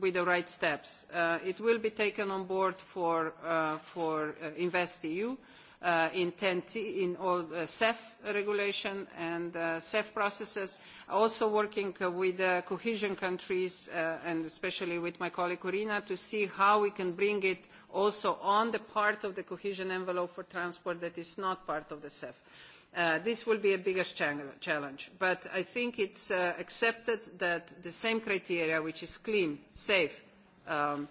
S2: with the right steps. Uh, it will be taken on board for, uh, for uh, InvestEU uh, in, 10T, in all uh, CEF regulation and uh, CEF processes, also working uh, with uh, cohesion countries uh, and especially with my colleague Corina to see how we can bring it also on the part of the cohesion envelope for transport that is not part of the CEF. Uh, Uh, this will be a biggest challenge, but I think it's uh, accepted that the same criteria, which is clean, safe, um,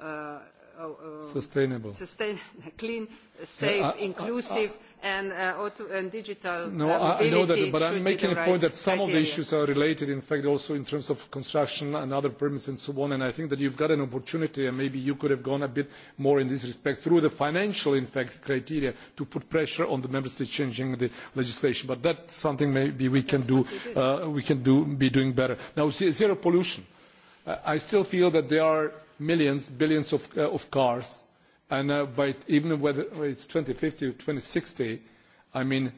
S2: uh, uh, sustainable, sustain, clean, safe, uh, I, inclusive, I, I, and, uh, auto, and digital. No, uh, I know that, but I'm making a right point that some criteria. of the issues
S6: are related, in fact, also in terms of construction and other permits and so on. And I think that you've got an opportunity, and maybe you could have gone a bit more in this respect through the financial, in fact, criteria to put pressure on the member states changing the legislation. But that's something maybe we can that's do. We, uh, we can do be doing better. Now, zero pollution. Uh, I still feel that there are millions, billions of, uh, of cars, and uh, by even whether it's 2050 or 2060, I mean,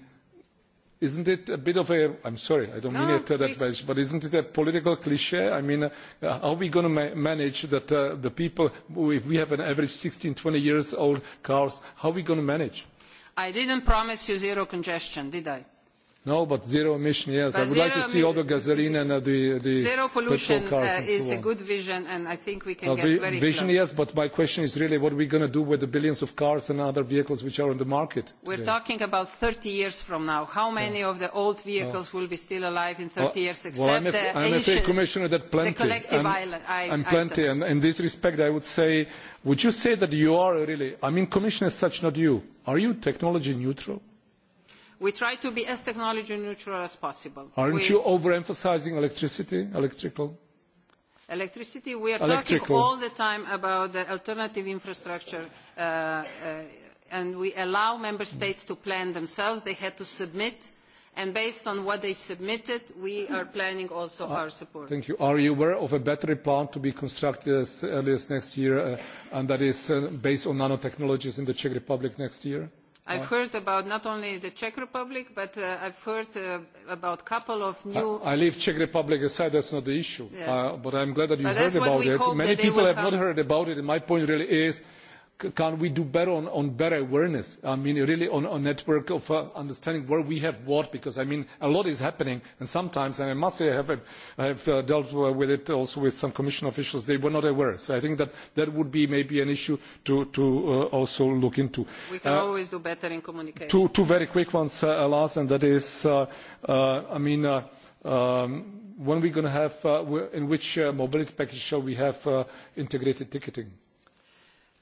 S6: isn't it a bit of a i'm sorry i don't no, mean it uh, that please. much but isn't it a political cliche i mean uh, are we going to ma manage that uh, the people if we have an average 16 20 years old cars how are we going to manage
S2: i didn't promise you zero congestion did i
S6: No, but zero emission, yes. But I would like to see all the gasoline and uh, the, the zero pollution petrol cars uh, and so uh, is on. a good
S2: vision, and I think we can uh, get vi very Vision, close. yes,
S6: but my question is really what are we going to do with the billions of cars and other vehicles which are on the market? We're today? talking
S2: about 30 years from now. How many yeah. of the old oh. vehicles uh, will be still alive in 30 uh, years, except well, I'm a, the I'm ancient, a commissioner
S6: that plenty. The collective I'm, island, I, I'm plenty, items. and in this respect, I would say, would you say that you are really, I mean, commissioner, such not you, are you technology neutral?
S2: We try to be as technology neutral as possible. Aren't we,
S6: you overemphasizing electricity, electrical?
S2: Electricity, we are electrical. talking all the time about the alternative infrastructure uh, uh, and we allow member states to plan themselves. They had to submit and based on what they submitted, we are planning also uh, our support. Thank
S6: you. Are you aware of a battery plant to be constructed as early as next year uh, and that is uh, based on nanotechnologies in the Czech Republic next year?
S2: I've heard about not only the Czech Republic, but uh, I've heard uh, about a couple of new... I,
S6: I leave Czech Republic aside, that's not the issue. Yes. Uh, but I'm glad that you but heard about it. Many people have not heard about it, and my point really is can we do better on, on better awareness? I mean, really on a network of uh, understanding where we have what, because I mean, a lot is happening, and sometimes, and I must say, I have, I have uh, dealt with it also with some commission officials, they were not aware. So I think that that would be maybe an issue to, to uh, also look into. We can uh, always
S2: do better in communication. Two,
S6: two very quick ones, uh, last, and that is, uh, uh, I mean, uh, um, when we're going to have, uh, in which uh, mobility package shall we have uh, integrated ticketing? Uh,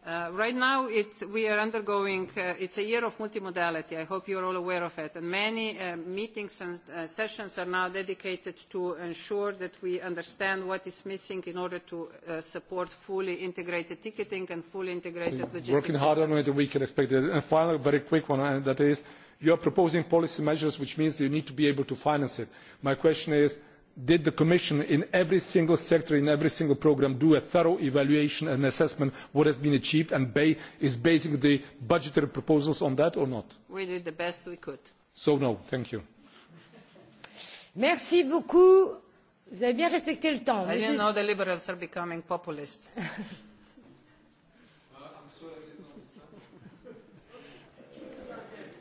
S2: Uh, right now, it's, we are undergoing, uh, it's a year of multimodality. I hope you're all aware of it. And many uh, meetings and uh, sessions are now dedicated to ensure that we understand what is missing in order to uh, support fully integrated ticketing and fully integrated so logistics Working systems.
S6: hard on it, we can expect it. And final, very quick one, and uh, that is, you are proposing policy measures, which means you need to be able to finance it. My question is, did the commission in every single sector in every single programme do a thorough evaluation and assessment of what has been achieved and ba is basing the budgetary proposals on that or not?
S2: we did the
S1: best we could.
S6: so no thank you.
S1: merci beaucoup. vous avez bien respecté le temps. i didn't know the liberals
S2: are becoming populists.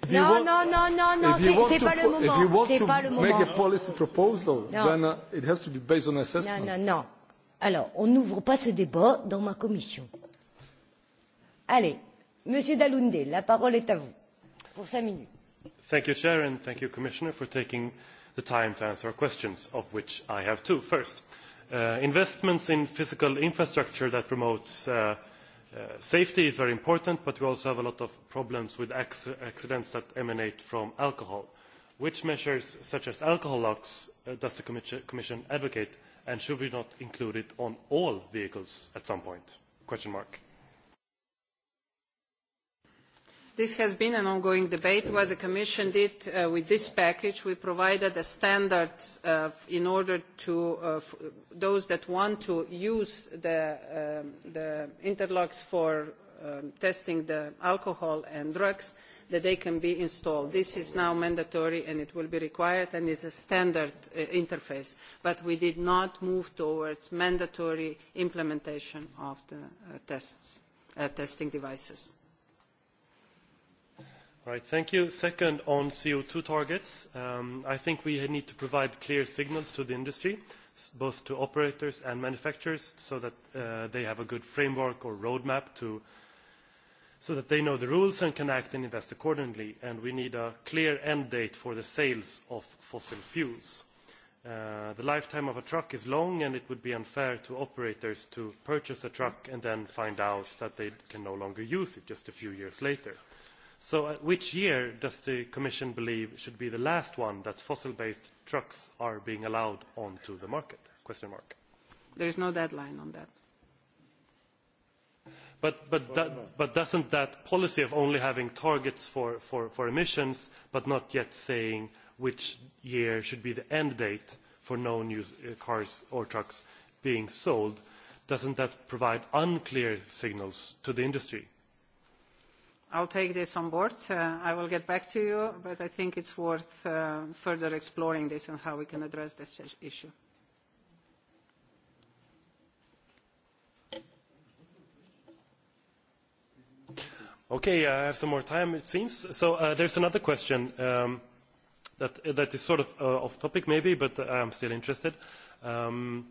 S2: if you
S1: no, want, no, no, no, no, if you want c'est to, pas le moment. If you want c'est to pas le make moment. a policy
S6: proposal, non. then uh, it has to be based on assessment. Non, non,
S1: non. Alors, on n'ouvre pas ce débat dans ma commission. Allez, Monsieur Dalunde, la parole est à vous pour cinq minutes.
S7: Thank you, Chair, and thank you, Commissioner, for taking the time to answer questions, of which I have two. First, uh, investments in physical infrastructure that promotes uh, Uh, safety is very important, but we also have a lot of problems with ac accidents that emanate from alcohol. Which measures, such as alcohol locks, uh, does the commis Commission advocate, and should we not include it on all vehicles at some point? Question mark.
S2: This has been an ongoing debate. What the Commission did uh, with this package, we provided a standard uh, in order to uh, f those that want to use the, um, the interlocks for um, testing the alcohol and drugs, that they can be installed. This is now mandatory and it will be required and is a standard uh, interface. But we did not move towards mandatory implementation of the uh, tests, uh, testing devices.
S7: Right, thank you. Second, on CO2 targets, um, I think we need to provide clear signals to the industry, both to operators and manufacturers, so that uh, they have a good framework or roadmap to, so that they know the rules and can act and invest accordingly. And we need a clear end date for the sales of fossil fuels. Uh, the lifetime of a truck is long, and it would be unfair to operators to purchase a truck and then find out that they can no longer use it just a few years later. Uh, So uh, which year does the Commission believe should be the last one that fossil-based trucks are being allowed onto the market? Question mark.
S2: There is no deadline on that.
S7: But, but, that, but doesn't that policy of only having targets for, for, for emissions but not yet saying which year should be the end date for no new uh, cars or trucks being sold, doesn't that provide unclear signals to the industry?
S2: I'll take this on board. Uh, I will get back to you, but I think it's worth uh, further exploring this and how we can address this issue.
S7: Okay, I have some more time, it seems. So uh, there's another question um, that, that is sort of uh, off topic maybe, but uh, I'm still interested. Um,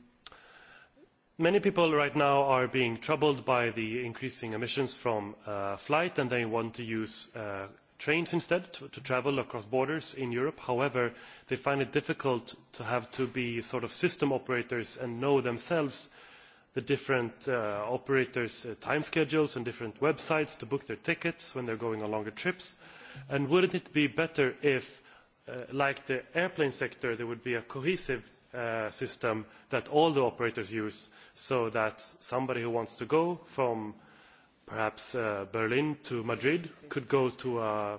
S7: many people right now are being troubled by the increasing emissions from uh, flight and they want to use uh, trains instead to, to travel across borders in Europe. However, they find it difficult to have to be sort of system operators and know themselves the different uh, operators' uh, time schedules and different websites to book their tickets when they're going on longer trips. And wouldn't it be better if, uh, like the airplane sector, there would be a cohesive uh, system that all the operators use so that somebody who wants to go from perhaps uh, Berlin to Madrid could go to, uh,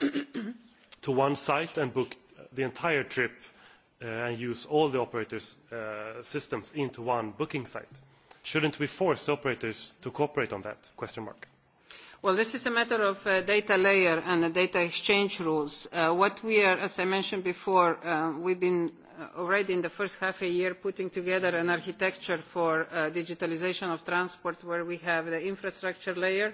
S7: to one site and book the entire trip uh, and use all the operators' uh, systems into one booking site. Shouldn't we force the operators to cooperate on that? Question mark.
S2: Well, this is a matter of uh, data layer and the data exchange rules. Uh, what we are, as I mentioned before, uh, we've been uh, already in the first half a year putting together an architecture for uh, digitalization of transport where we have the infrastructure layer, uh,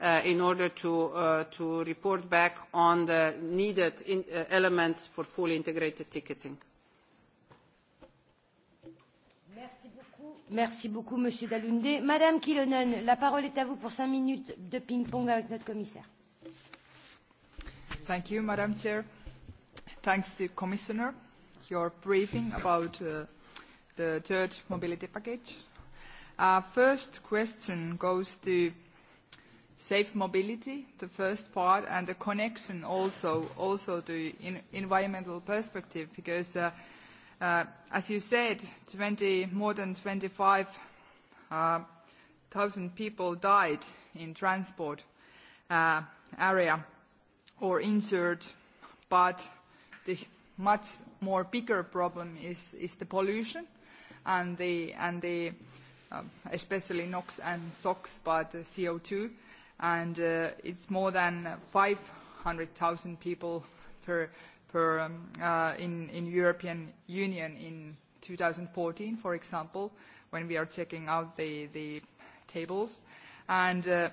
S2: uh, in order to, uh, to report back on the needed in, uh, elements for fully integrated ticketing.
S1: Merci beaucoup, Merci beaucoup Monsieur Dalunde. Madame Kilonen, la parole est à vous pour cinq minutes de ping-pong avec notre commissaire.
S8: Thank you, Madam Chair. Thanks to Commissioner, your briefing about uh, the third mobility package. Our uh, first question goes to safe mobility, the first part, and the connection also, also to in environmental perspective, because uh, uh, as you said, 20, more than 25,000 uh, people died in transport uh, area or injured, but the much more bigger problem is, is the pollution and the, and the um, especially NOx and SOx, but the CO2 and uh, it's more than 500,000 people per, per, um, uh, in, in European Union in 2014, for example, when we are checking out the, the tables. And uh,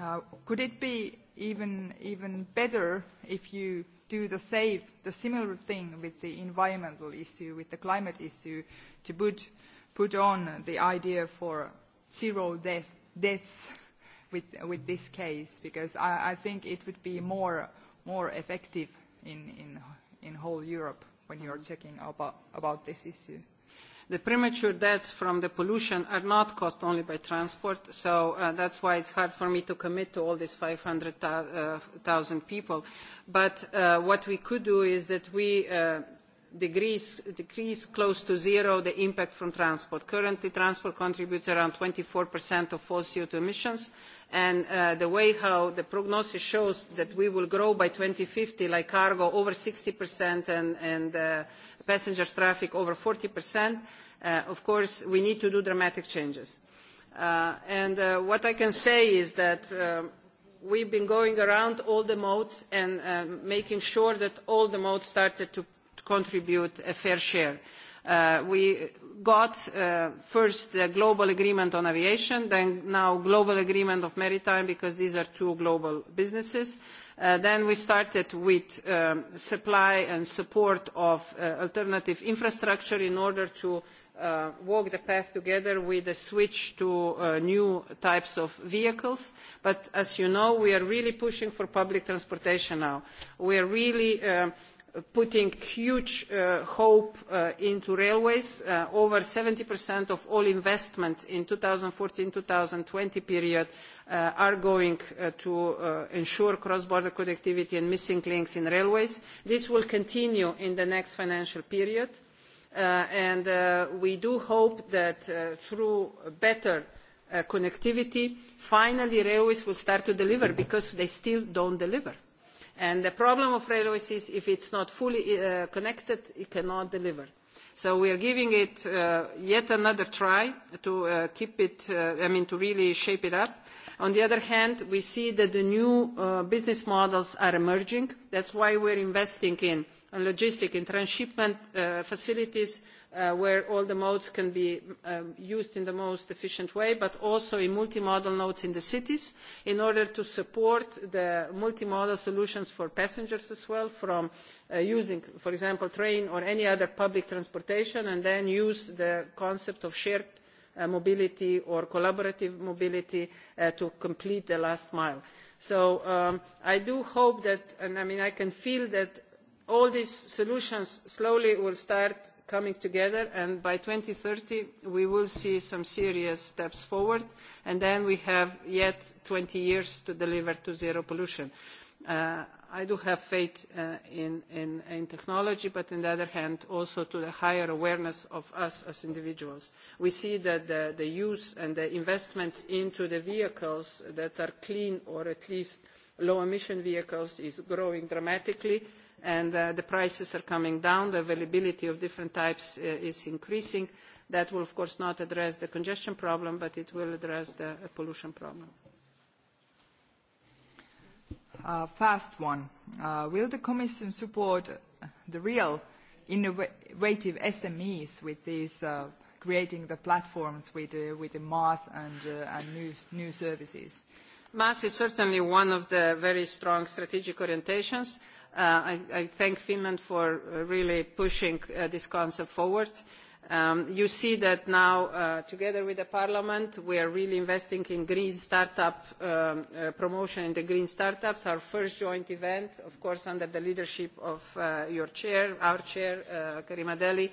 S8: uh, could it be even, even better if you do the same, the similar thing with the environmental issue, with the climate issue, to put, put on the idea for zero death, deaths with, with this case because I, I think it would be more, more effective in, in, in whole Europe when you're mm-hmm. checking about, about
S2: this issue. The premature deaths from the pollution are not caused only by transport, so uh, that's why it's hard for me to commit to all these 500,000 uh, people. But uh, what we could do is that we uh, decrease, decrease close to zero the impact from transport. Currently, transport contributes around 24% of all CO2 emissions, and uh, the way how the prognosis shows that we will grow by 2050, like cargo, over 60% and, and uh, passengers traffic over 40%, uh, of course, we need to do dramatic changes. Uh, and uh, what I can say is that uh, we've been going around all the modes and uh, making sure that all the modes started to contribute a fair share. Uh, we got uh, first the global agreement on aviation, then now global agreement of maritime, because these are two global businesses. Uh, then we started with um, supply and support of uh, alternative infrastructure in order to uh, walk the path together with a switch to uh, new types of vehicles. But as you know, we are really pushing for public transportation now. We are really uh, um, putting huge uh, hope uh, into railways. Uh, over 70% of all investments in 2014-2020 period uh, are going uh, to uh, ensure cross-border connectivity and missing links in railways. This will continue in the next financial period. Uh, and uh, we do hope that uh, through better uh, connectivity, finally railways will start to deliver because they still don't deliver. Uh, And the problem of railways is if it's not fully uh, connected, it cannot deliver. So we are giving it uh, yet another try to uh, keep it, uh, I mean, to really shape it up. On the other hand, we see that the new uh, business models are emerging. That's why we're investing in logistics and transshipment uh, facilities, uh, uh, where all the modes can be um, used in the most efficient way, but also in multimodal nodes in the cities in order to support the multimodal solutions for passengers as well from uh, using, for example, train or any other public transportation and then use the concept of shared uh, mobility or collaborative mobility uh, to complete the last mile. So um, I do hope that, and I mean I can feel that all these solutions slowly will start coming together and by 2030 we will see some serious steps forward and then we have yet 20 years to deliver to zero pollution. Uh, I do have faith uh, in, in, in technology, but on the other hand, also to the higher awareness of us as individuals. We see that the, the use and the investment into the vehicles that are clean or at least low emission vehicles is growing dramatically. Uh, and uh, the prices are coming down, the availability of different types uh, is increasing. That will, of course, not address the congestion problem, but it will address the uh, pollution problem.
S8: Uh, fast one. Uh, will the Commission support the real innovative SMEs with these uh, creating the platforms with, uh, with the mass and, uh, and new, new services?
S2: Mass is certainly one of the very strong strategic orientations Uh, I, I thank Finland for uh, really pushing uh, this concept forward. Um, you see that now, uh, together with the parliament, we are really investing in green startup um, uh, promotion in the green startups, our first joint event, of course, under the leadership of uh, your chair, our chair, uh, Karima Deli. Uh,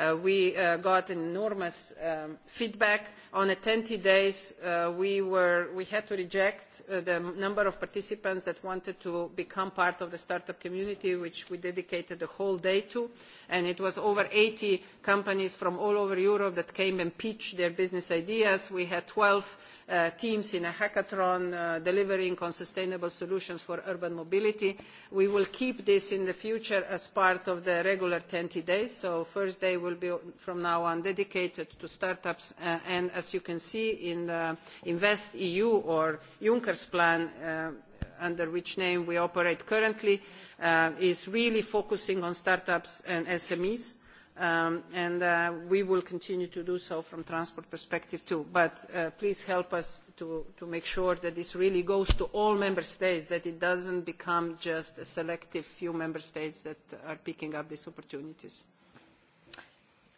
S2: Uh, we uh, got enormous um, feedback. On a 20 days, uh, we, were, we had to reject uh, the number of participants that wanted to become part of the startup community, which we dedicated a whole day to. And it was over 80 companies from all over Europe that came and pitched their business ideas. We had 12 uh, teams in a hackathon uh, delivering on sustainable solutions for urban mobility. We will keep this in the future as part of the regular 20 days. So first day will be from now on dedicated to startups. Uh, and as you can see in the Invest EU or Juncker's plan, uh, under which name we operate currently, uh, is really focusing on startups and SMEs Um, and uh, we will continue to do so from transport perspective too. But uh, please help us to, to make sure that this really goes to all member states, that it doesn't become just a selective few member states that are picking up these opportunities.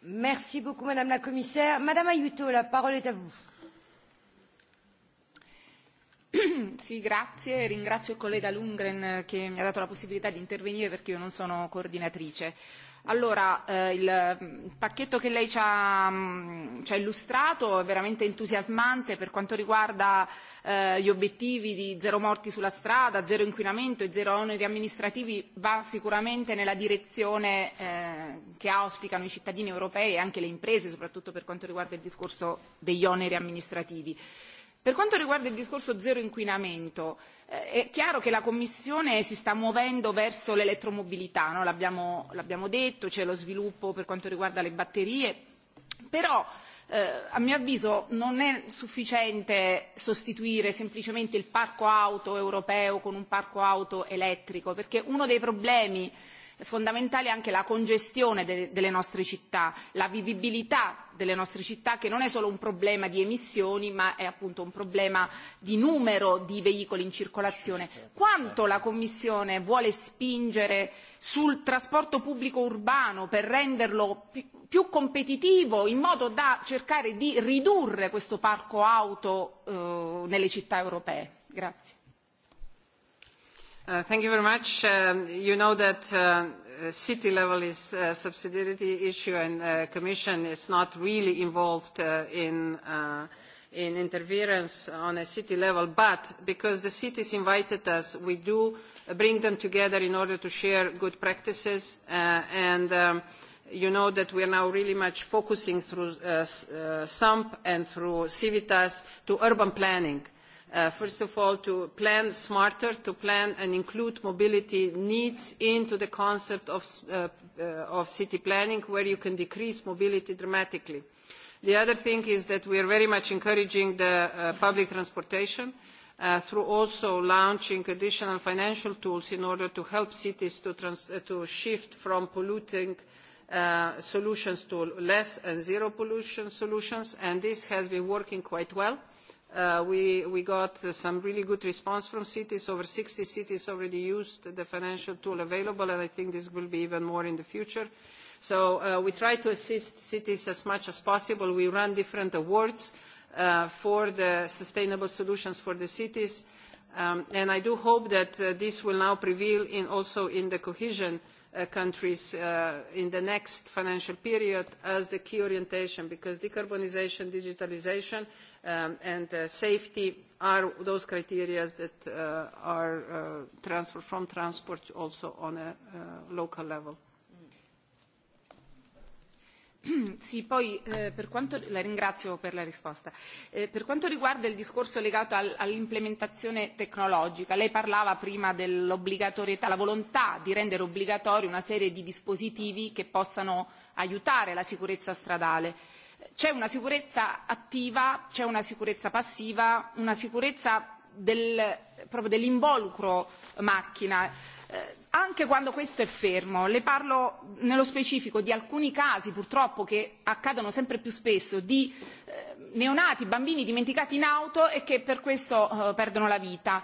S1: Merci beaucoup, Madame la Commissaire. Madame Aiuto, la parole est à vous. Sì, grazie. Ringrazio il collega Lundgren eh, che mi ha
S9: dato la possibilità di intervenire perché io non sono coordinatrice. Eh, Allora, eh, il mm, pacchetto che lei ci ha, mh, mm, ci ha illustrato è veramente entusiasmante per quanto riguarda eh, gli obiettivi di zero morti sulla strada, zero inquinamento e zero oneri amministrativi, va sicuramente nella direzione eh, che auspicano i cittadini europei e anche le imprese, soprattutto per quanto riguarda il discorso degli oneri amministrativi. Eh, Per quanto riguarda il discorso zero inquinamento, eh, è chiaro che la Commissione si sta muovendo verso l'elettromobilità, no? l'abbiamo, l'abbiamo detto, c'è lo sviluppo per quanto riguarda le batterie, però eh, a mio avviso non è sufficiente sostituire semplicemente il parco auto europeo con un parco auto elettrico, perché uno dei problemi eh, È fondamentale anche la congestione de- delle nostre città, la vivibilità delle nostre città che non è solo un problema di emissioni ma è appunto un problema di numero di veicoli in circolazione. Quanto la Commissione vuole spingere sul trasporto pubblico urbano per renderlo più, più competitivo in modo da cercare di ridurre questo parco auto eh, nelle città europee? Grazie.
S2: Uh, thank you very much. Um, you know that uh, city level is a subsidiarity issue and uh, Commission is not really involved uh, in uh, in interference on a city level, but because the cities invited us, we do bring them together in order to share good practices. Uh, and um, you know that we are now really much focusing through uh, uh, SUMP and through Civitas to urban planning. Uh, Uh, first of all, to plan smarter, to plan and include mobility needs into the concept of, uh, uh, of city planning, where you can decrease mobility dramatically. The other thing is that we are very much encouraging the uh, public transportation uh, through also launching additional financial tools in order to help cities to, trans uh, to shift from polluting uh, solutions to less and zero pollution solutions, and this has been working quite well. Uh, Uh, we, we got uh, some really good response from cities. Over 60 cities already used the financial tool available, and I think this will be even more in the future. So uh, we try to assist cities as much as possible. We run different awards uh, for the sustainable solutions for the cities. Um, and I do hope that uh, this will now prevail in also in the cohesion uh, countries uh, in the next financial period as the key orientation because decarbonization, digitalization um, and uh, safety are those criteria that uh, are uh, transferred from transport also on a uh, local level.
S9: Sì, poi eh, per quanto, la ringrazio per la risposta. Eh, per quanto riguarda il discorso legato al, all'implementazione tecnologica, lei parlava prima dell'obbligatorietà, la volontà di rendere obbligatori una serie di dispositivi che possano aiutare la sicurezza stradale c'è una sicurezza attiva, c'è una sicurezza passiva, una sicurezza del, proprio dell'involucro macchina. Eh, anche quando questo è fermo, le parlo nello specifico di alcuni casi purtroppo che accadono sempre più spesso di eh, neonati, bambini dimenticati in auto e che per questo eh, perdono la vita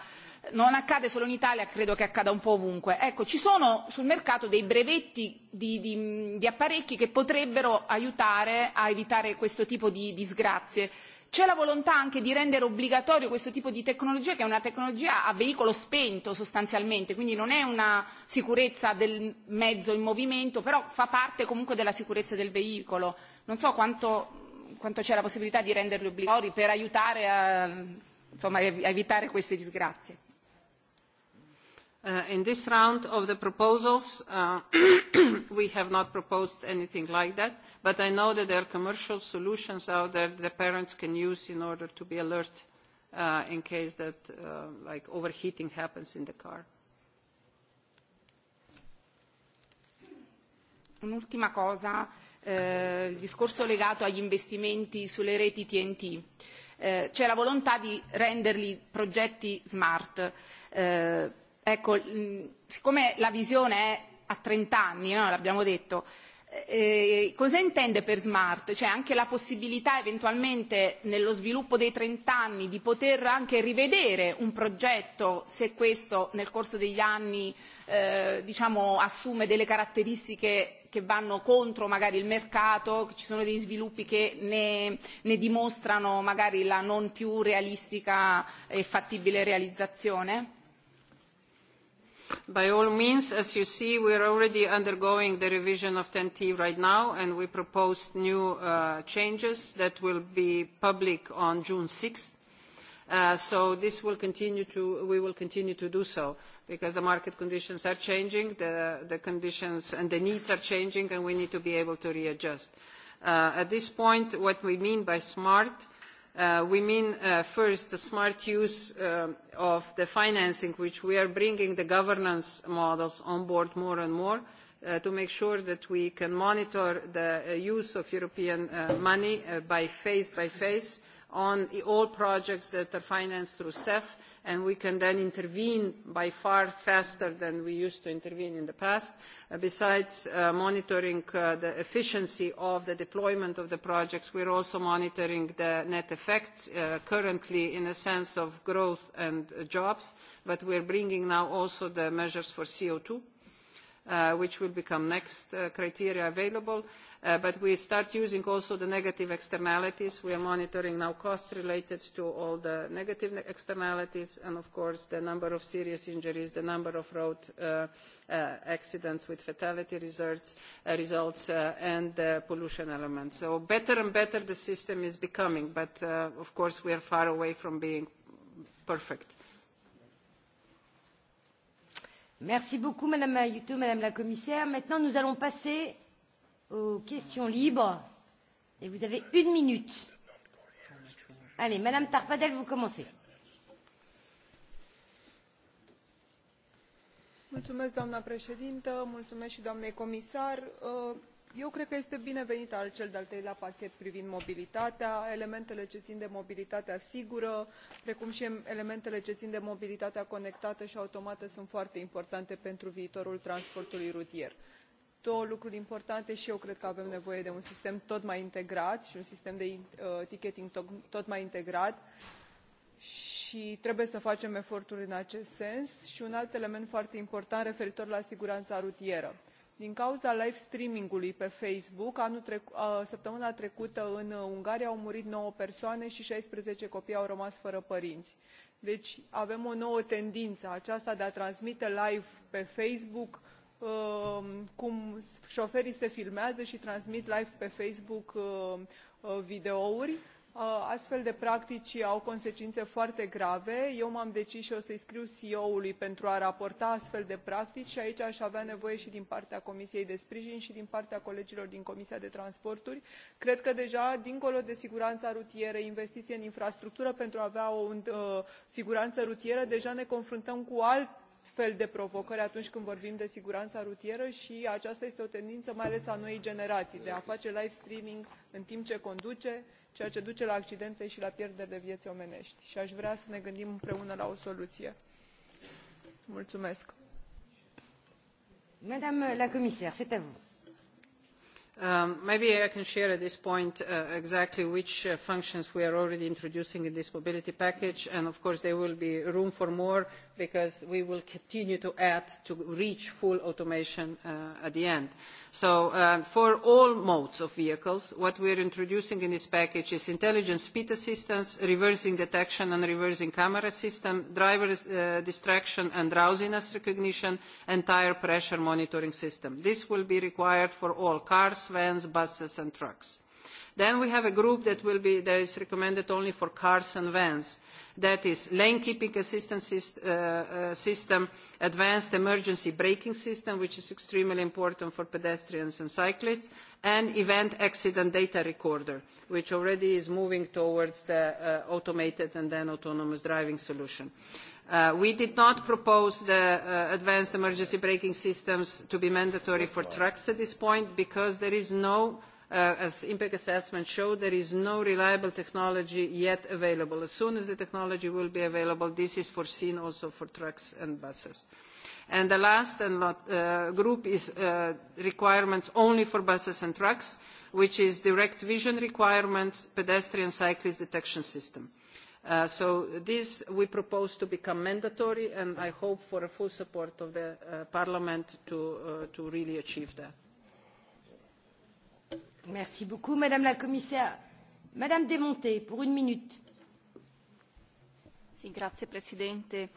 S9: non accade solo in Italia, credo che accada un po' ovunque. Ecco, ci sono sul mercato dei brevetti di, di, di apparecchi che potrebbero aiutare a evitare questo tipo di disgrazie. C'è la volontà anche di rendere obbligatorio questo tipo di tecnologia, che è una tecnologia a veicolo spento sostanzialmente, quindi non è una sicurezza del mezzo in movimento, però fa parte comunque della sicurezza del veicolo. Non so quanto, quanto c'è la possibilità di renderli obbligatori per aiutare a, insomma, a evitare queste disgrazie. Uh, in this
S2: round of the proposals, uh, we have not proposed anything like that, but I know that there are commercial solutions out there that parents can use in order to be alert uh, in case that uh, like overheating happens in the car.
S9: Un'ultima cosa, eh, il discorso legato agli investimenti sulle reti TNT. Eh, c'è la volontà di renderli progetti smart. Eh, Ecco, siccome la visione è a 30 anni, no? l'abbiamo detto, eh, eh, cosa intende per smart? Cioè anche la possibilità eventualmente nello sviluppo dei 30 anni di poter anche rivedere un progetto se questo nel corso degli anni eh, diciamo, assume delle caratteristiche che vanno contro magari il mercato, ci sono degli sviluppi che ne, ne dimostrano magari la non più realistica e fattibile realizzazione?
S2: By all means, as you see, we are already undergoing the revision of TEN-T right now, and we proposed new uh, changes that will be public on June 6th. Uh, so this will continue to, we will continue to do so because the market conditions are changing, the, the conditions and the needs are changing, and we need to be able to readjust. Uh, at this point, what we mean by smart Uh, we mean uh, first the smart use uh, of the financing, which we are bringing the governance models on board more and more uh, to make sure that we can monitor the uh, use of European uh, money uh, by phase by phase. Uh, on all projects that are financed through CEF, and we can then intervene by far faster than we used to intervene in the past, uh, besides uh, monitoring uh, the efficiency of the deployment of the projects, we're also monitoring the net effects uh, currently in a sense of growth and uh, jobs, but we're bringing now also the measures for CO2. Uh, which will become next uh, criteria available. Uh, but we start using also the negative externalities. We are monitoring now costs related to all the negative externalities and, of course, the number of serious injuries, the number of road uh, uh, accidents with fatality uh, results, results and the pollution element. So better and better the system is becoming, but of course, we are far away from being perfect.
S1: Merci beaucoup, Madame Ayuto, Madame la Commissaire. Maintenant, nous allons passer aux questions libres. Et vous avez une minute. Allez, Madame Tarpadel, vous commencez.
S10: Mulțumesc, doamna președintă, mulțumesc și doamnei comisar. Uh eu cred că este binevenit cel de al treilea pachet privind mobilitatea elementele ce țin de mobilitatea sigură precum și elementele ce țin de mobilitatea conectată și automată sunt foarte importante pentru viitorul transportului rutier două lucruri importante și eu cred că avem nevoie de un sistem tot mai integrat și un sistem de uh, ticketing tot, tot mai integrat și trebuie să facem eforturi în acest sens și un alt element foarte important referitor la siguranța rutieră din cauza live streaming ului pe facebook trecu săptămâna trecută în ungaria au murit nouă persoane și șaisprezece copii au rămas fără părinți. deci avem o nouă tendință aceasta de a transmite live pe facebook uh, cum șoferii se filmează și transmit live pe facebook uh, uh, videouri astfel de practici au consecințe foarte grave eu m am decis și o să i scriu ceo ului pentru a raporta astfel de practici și aici aș avea nevoie și din partea comisiei de sprijin și din partea colegilor din comisia pentru transporturi. cred că deja dincolo de siguranța rutieră investiții în infrastructură pentru a avea o uh, siguranță rutieră deja ne confruntăm cu alt fel de provocări atunci când vorbim de siguranța rutieră și aceasta este o tendință mai ales a noii generații de a face live streaming în timp ce conduce ceea ce duce la accidente și la pierderi de vieți omenești. Și aș vrea să ne gândim împreună la o soluție. Mulțumesc.
S1: Madame la commissaire, c'est à vous.
S2: Um, maybe I can share at this point uh, exactly which uh, functions we are already introducing in this mobility package, and of course there will be room for more because we will continue to add to reach full automation uh, at the end. So uh, for all modes of vehicles, what we are introducing in this package is intelligent speed assistance, reversing detection and reversing camera system, driver uh, distraction and drowsiness recognition, and tire pressure monitoring system. This will be required for all cars, trucks, vans, buses and trucks. Then we have a group that will be, that is recommended only for cars and vans. That is lane keeping assistance uh, uh, system, advanced emergency braking system, which is extremely important for pedestrians and cyclists, and event accident data recorder, which already is moving towards the uh, automated and then autonomous driving solution. Uh, Uh, we did not propose the uh, advanced emergency braking systems to be mandatory for trucks at this point because there is no, uh, as impact assessment showed, there is no reliable technology yet available. As soon as the technology will be available, this is foreseen also for trucks and buses. And the last and not, uh, group is uh, requirements only for buses and trucks, which is direct vision requirements, pedestrian cyclist detection system. Uh, Uh, so this we propose to become mandatory and I hope for a full support of the uh, Parliament to, uh, to really achieve that.
S1: Merci beaucoup Madame la Commissaire. Madame Desmonté pour une minute.
S9: Sì, grazie Presidente.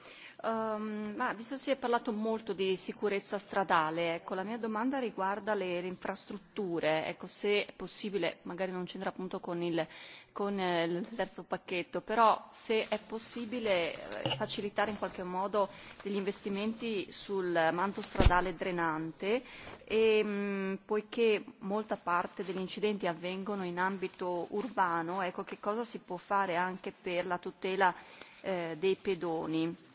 S9: Um, ma visto si è parlato molto di sicurezza stradale, ecco, la mia domanda riguarda le, le infrastrutture, ecco, se è possibile, magari non c'entra appunto con il, con eh, il terzo pacchetto, però se è possibile eh, facilitare in qualche modo degli investimenti sul manto stradale drenante, e, mh, mm, poiché molta parte degli incidenti avvengono in ambito urbano, ecco, che cosa si può fare anche per la tutela eh, dei pedoni?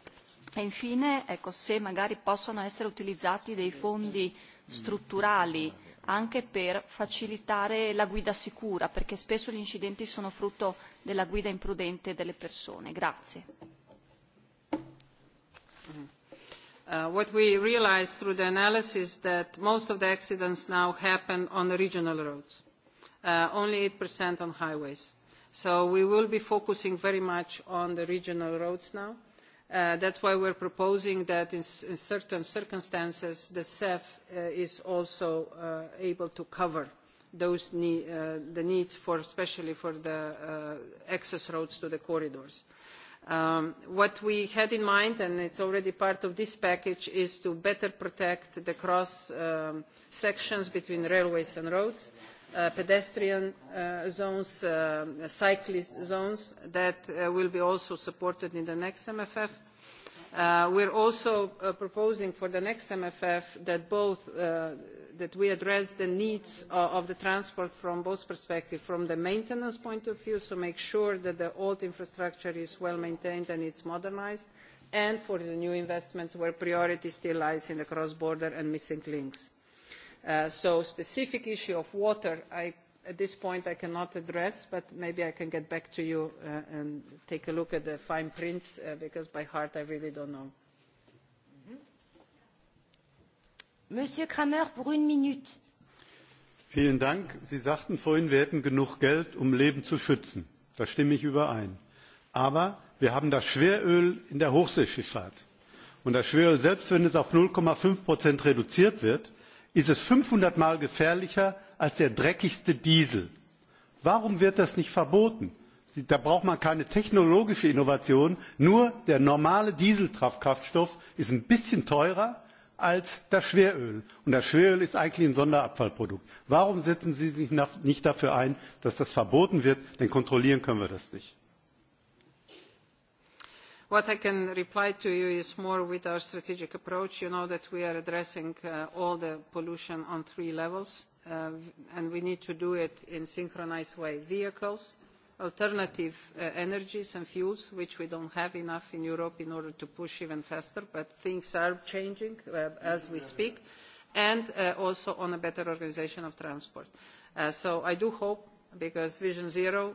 S9: E infine, ecco, se magari possono essere utilizzati dei fondi strutturali anche per facilitare la guida sicura, perché spesso gli incidenti sono frutto della guida imprudente delle persone. Grazie.
S2: Uh, what we realized through the analysis that most of the accidents now happen on the regional roads, uh, only 8% on highways. So we will be focusing very much on the regional roads now Uh, that's why we're proposing that in, in certain circumstances, the CEF uh, is also uh, able to cover those need, uh, the needs for, especially for the uh, access roads to the corridors. Um, what we had in mind, and it's already part of this package, is to better protect the cross um, sections between railways and roads, uh, pedestrian uh, zones, uh, cyclist zones that uh, will be also supported in the next MFF. Uh, we're also uh, proposing for the next MFF that both uh, that we address the needs of, uh, of the transport from both perspectives, from the maintenance point of view, so make sure that the old infrastructure is well maintained and it's modernized, and for the new investments where priority still lies in the cross-border and missing links. Uh, so specific issue of water, I, at this point I cannot address, but maybe I can get back to you uh, and take a look at the fine prints, uh, because by heart I really don't know.
S1: Mm-hmm. Monsieur Kramer, pour une minute.
S6: Vielen Dank. Sie sagten vorhin, wir hätten genug Geld, um Leben zu schützen. Da stimme ich überein. Aber wir haben das Schweröl in der Hochseeschifffahrt. Und das Schweröl, selbst wenn es auf 0,5 Prozent reduziert wird, ist es 500 Mal gefährlicher als der dreckigste Diesel. Warum wird das nicht verboten? Da braucht man keine technologische Innovation. Nur der normale Dieselkraftstoff ist ein bisschen teurer als das Schweröl. Und das Schweröl ist eigentlich ein Sonderabfallprodukt. Warum setzen Sie sich nicht dafür ein, dass das verboten wird? Denn kontrollieren können wir das nicht.
S2: What I can reply to you is more with our strategic approach. You know that we are addressing uh, all the pollution on three levels, uh, and we need to do it in synchronized way. Vehicles, alternative uh, energies and fuels, which we don't have enough in Europe in order to push even faster, but things are changing uh, as we speak, and uh, also on a better organization of transport. Uh, so I do hope, because Vision Zero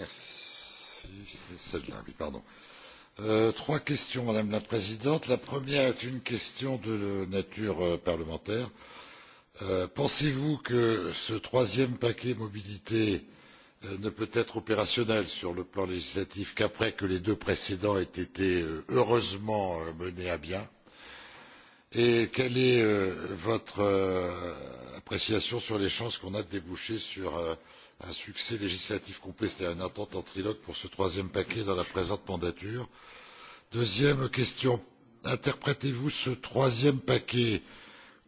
S11: Merci. C'est celle-là, oui, pardon. Euh, trois questions, Madame la Présidente. La première est une question de nature euh, parlementaire. Euh, Pensez-vous que ce troisième paquet mobilité euh, ne peut être opérationnel sur le plan législatif qu'après que les deux précédents aient été euh, heureusement euh, menés à bien Et quelle est euh, votre euh, appréciation sur les chances qu'on a de déboucher sur euh, un succès législatif complet, c'est-à-dire une entente en trilogue pour ce troisième paquet dans la présente mandature. Deuxième question, interprétez-vous ce troisième paquet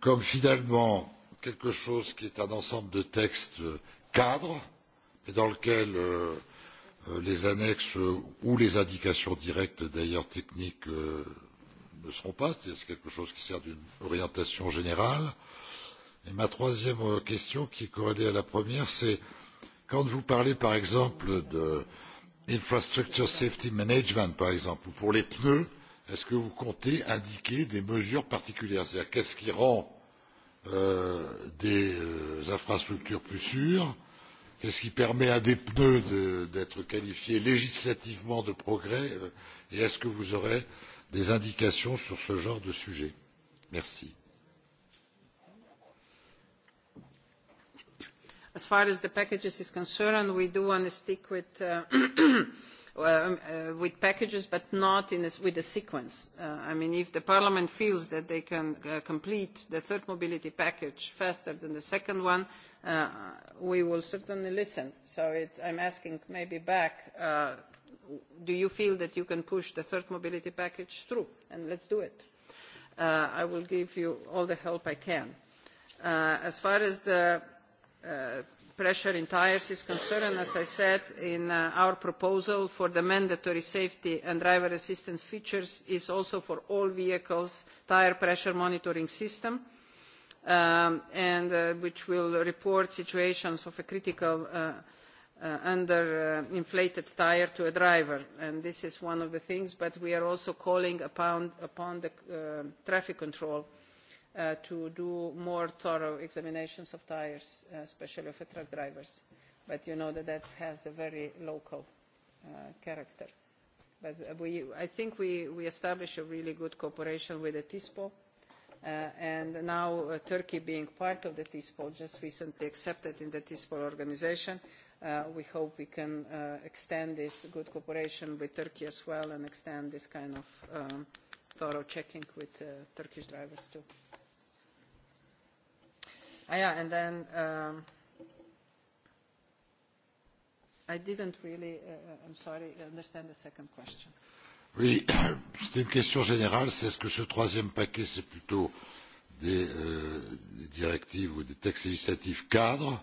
S11: comme finalement quelque chose qui est un ensemble de textes cadres, mais dans lequel euh, euh, les annexes ou les indications directes d'ailleurs techniques euh, ne seront pas, c'est-à-dire quelque chose qui sert d'une orientation générale. Et ma troisième euh, question, qui est corrélée à la première, c'est euh, quand vous parlez par exemple de infrastructure safety management par exemple ou pour les pneus est ce que vous comptez indiquer des mesures particulières c'est à dire qu'est ce qui rend euh, des euh, infrastructures plus sûres qu'est ce qui permet à des pneus d'être qualifiés législativement de progrès et est ce que vous aurez des indications sur ce genre de sujet? merci.
S2: As far as the packages is concerned, we do want to stick with, uh, uh, um, uh, with packages, but not in a, with a sequence. Uh, I mean, if the Parliament feels that they can uh, complete the third mobility package faster than the second one, uh, we will certainly listen. So it, I'm asking maybe back, uh, do you feel that you can push the third mobility package through? And let's do it. Uh, I will give you all the help I can. Uh, as far as the uh, pressure in tires is concerned, as I said, in uh, our proposal for the mandatory safety and driver assistance features is also for all vehicles tire pressure monitoring system, um, and uh, which will report situations of a critical uh, uh, under uh, inflated tire to a driver. And this is one of the things, but we are also calling upon, upon the uh, traffic control uh, uh, to do more thorough examinations of tires, uh, especially of truck drivers. But you know that that has a very local uh, character. But uh, we, I think we, we established a really good cooperation with the TISPO, uh, and now uh, Turkey being part of the TISPO, just recently accepted in the TISPO organization, uh, we hope we can uh, extend this good cooperation with Turkey as well and extend this kind of um, thorough checking with uh, Turkish drivers too. Uh, yeah, and then um, I didn't really, uh, uh I'm sorry, understand the second question.
S11: Oui, c'était une question générale. C'est est-ce que ce troisième paquet, c'est plutôt des, euh, des directives ou des textes législatifs cadres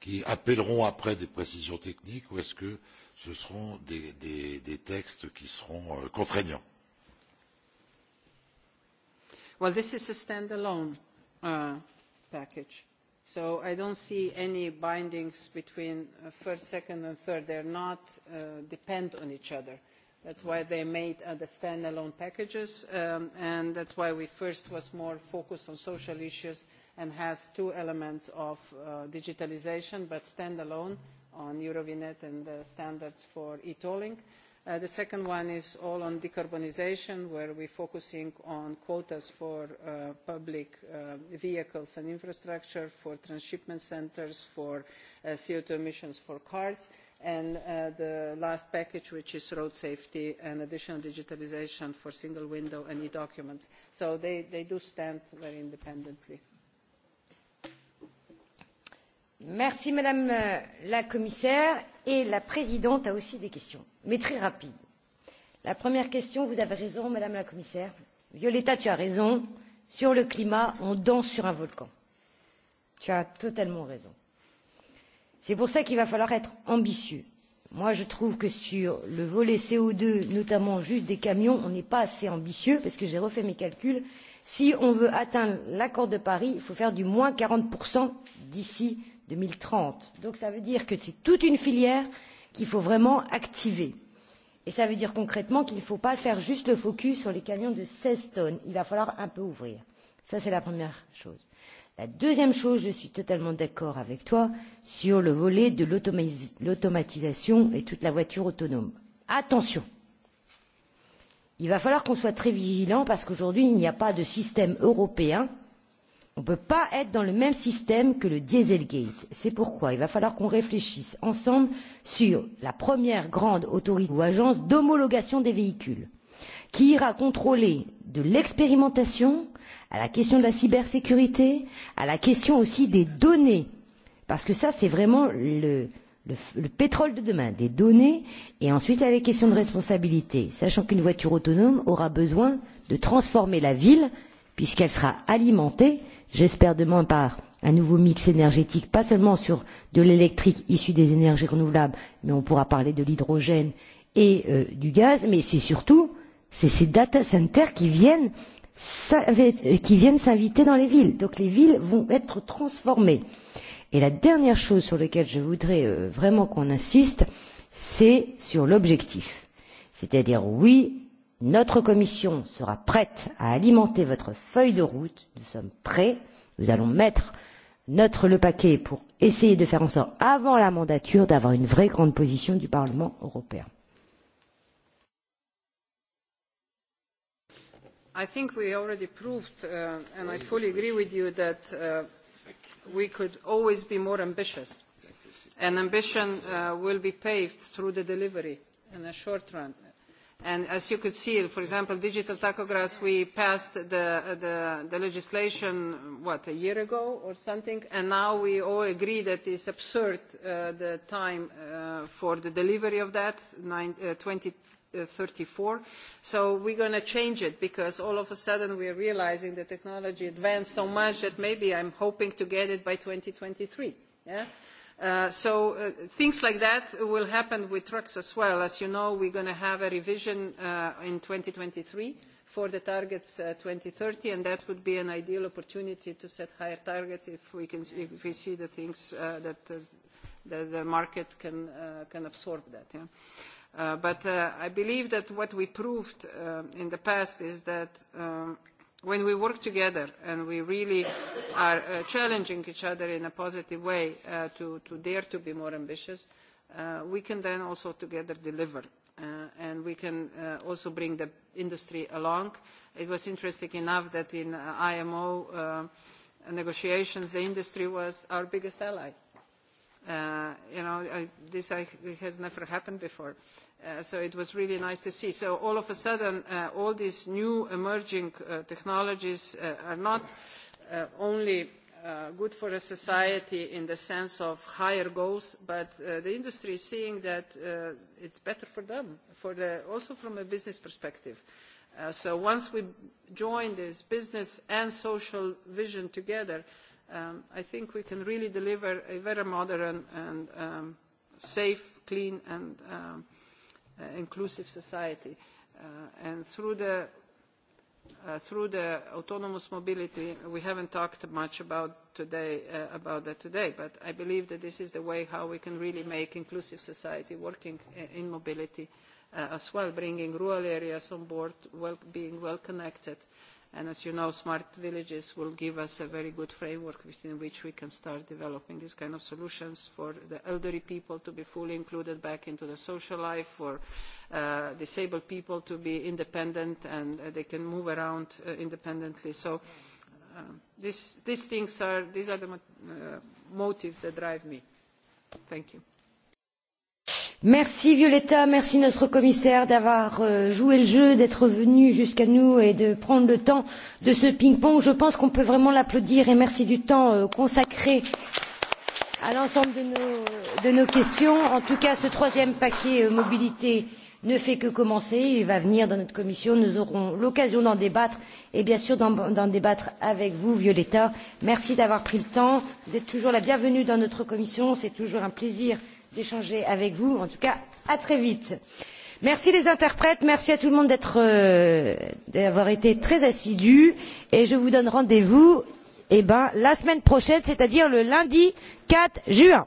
S11: qui appelleront après des précisions techniques ou est-ce que ce seront des, des, des textes qui seront euh, contraignants
S2: Well, this is a standalone uh, package. So I don't see any bindings between uh, first, second, and third. They're not uh, depend on each other. That's why they made uh, the standalone packages, um, and that's why we first was more focused on social issues and has two elements of uh, digitalization, but standalone on Eurovinet and the standards for e-tolling. Uh, Uh, the second one is all on decarbonization, where we're focusing on quotas for uh, public uh, vehicles and infrastructure, for transshipment centers, for uh, CO2 emissions for cars, and uh, the last package, which is road safety and additional digitalization for single window and e-documents. So they, they do stand very
S1: independently. Merci Madame euh, la Commissaire et la Présidente a aussi des questions, mais très rapides. La première question, vous avez raison Madame la Commissaire, Violetta tu as raison, sur le climat on danse sur un volcan. Tu as totalement raison. C'est pour ça qu'il va falloir être ambitieux. Moi, je trouve que sur le volet CO2, notamment juste des camions, on n'est pas assez ambitieux parce que j'ai refait mes calculs. Si on veut atteindre l'accord de Paris, il faut faire du moins 40% d'ici deux mille trente donc cela veut dire que c'est toute une filière qu'il faut vraiment activer et cela veut dire concrètement qu'il ne faut pas faire juste le focus sur les camions de seize tonnes il va falloir un peu ouvrir ça c'est la première chose. La deuxième chose, je suis totalement d'accord avec toi sur le volet de l'automatisation et toute la voiture autonome. Attention, il va falloir qu'on soit très vigilant parce qu'aujourd'hui, il n'y a pas de système européen On ne peut pas être dans le même système que le Dieselgate. C'est pourquoi il va falloir qu'on réfléchisse ensemble sur la première grande autorité ou agence d'homologation des véhicules, qui ira contrôler de l'expérimentation à la question de la cybersécurité, à la question aussi des données. Parce que ça, c'est vraiment le, le, le pétrole de demain, des données, et ensuite à la question de responsabilité, sachant qu'une voiture autonome aura besoin de transformer la ville puisqu'elle sera alimentée, j'espère demain par un nouveau mix énergétique, pas seulement sur de l'électrique issu des énergies renouvelables, mais on pourra parler de l'hydrogène et euh, du gaz, mais c'est surtout c'est ces data centers qui viennent euh, qui viennent s'inviter dans les villes. Donc les villes vont être transformées. Et la dernière chose sur laquelle je voudrais euh, vraiment qu'on insiste, c'est sur l'objectif. C'est-à-dire, oui, Notre commission sera prête à alimenter votre feuille de route. Nous sommes prêts. Nous allons mettre notre le paquet pour essayer de faire en sorte, avant la mandature, d'avoir une vraie grande position du Parlement européen.
S2: I think we already proved, uh, and I fully agree with you, that uh, we could always be more ambitious. And ambition uh, will be paved through the delivery in the short run. And as you could see, for example, digital tachographs, we passed the, the, the legislation, what, a year ago or something, and now we all agree that it's absurd uh, the time uh, for the delivery of that, nine, uh, 2034. So we're going to change it because all of a sudden we're realizing the technology advanced so much that maybe I'm hoping to get it by 2023. Yeah? Uh, so uh, things like that will happen with trucks as well. As you know, we're going to have a revision uh, in 2023 for the targets 2030, uh, and that would be an ideal opportunity to set higher targets if we, can, if we see the things uh, that the, the market can, uh, can absorb that. Yeah. But I believe that what we proved in the past is that um, when we work together and we really are uh, challenging each other in a positive way uh, to, to dare to be more ambitious, uh, we can then also together deliver. Uh, and we can uh, also bring the industry along. It was interesting enough that in uh, IMO uh, negotiations, the industry was our biggest ally. Uh, Uh, you know, I, this I, has never happened before. Uh, so it was really nice to see. So all of a sudden, uh, all these new emerging uh, technologies uh, are not uh, only uh, good for a society in the sense of higher goals, but uh, the industry is seeing that uh, it's better for them, for the, also from a business perspective. Uh, so once we join this business and social vision together, uh, um, I think we can really deliver a very modern and um, safe, clean and um, uh, inclusive society. Uh, and through the, uh, through the autonomous mobility, we haven't talked much about, today, uh, about that today, but I believe that this is the way how we can really make inclusive society working uh, in mobility uh, as well, bringing rural areas on board, well, being well connected. Uh, And as you know, smart villages will give us a very good framework within which we can start developing these kind of solutions for the elderly people to be fully included back into the social life, for uh, disabled people to be independent and uh, they can move around uh, independently. So uh, this, these things are, these are the uh, motives that drive me. Thank you.
S1: Merci Violetta, merci notre commissaire d'avoir euh, joué le jeu, d'être venu jusqu'à nous et de prendre le temps de ce ping-pong. Je pense qu'on peut vraiment l'applaudir et merci du temps euh, consacré à l'ensemble de nos, de nos questions. En tout cas, ce troisième paquet euh, mobilité ne fait que commencer. Il va venir dans notre commission. Nous aurons l'occasion d'en débattre et bien sûr d'en débattre avec vous, Violetta. Merci d'avoir pris le temps. Vous êtes toujours la bienvenue dans notre commission. C'est toujours un plaisir euh, d'échanger avec vous. En tout cas, à très vite. Merci les interprètes, merci à tout le monde d'être, euh, d'avoir été très assidus et je vous donne rendez-vous eh ben, la semaine prochaine, c'est-à-dire le lundi 4 juin.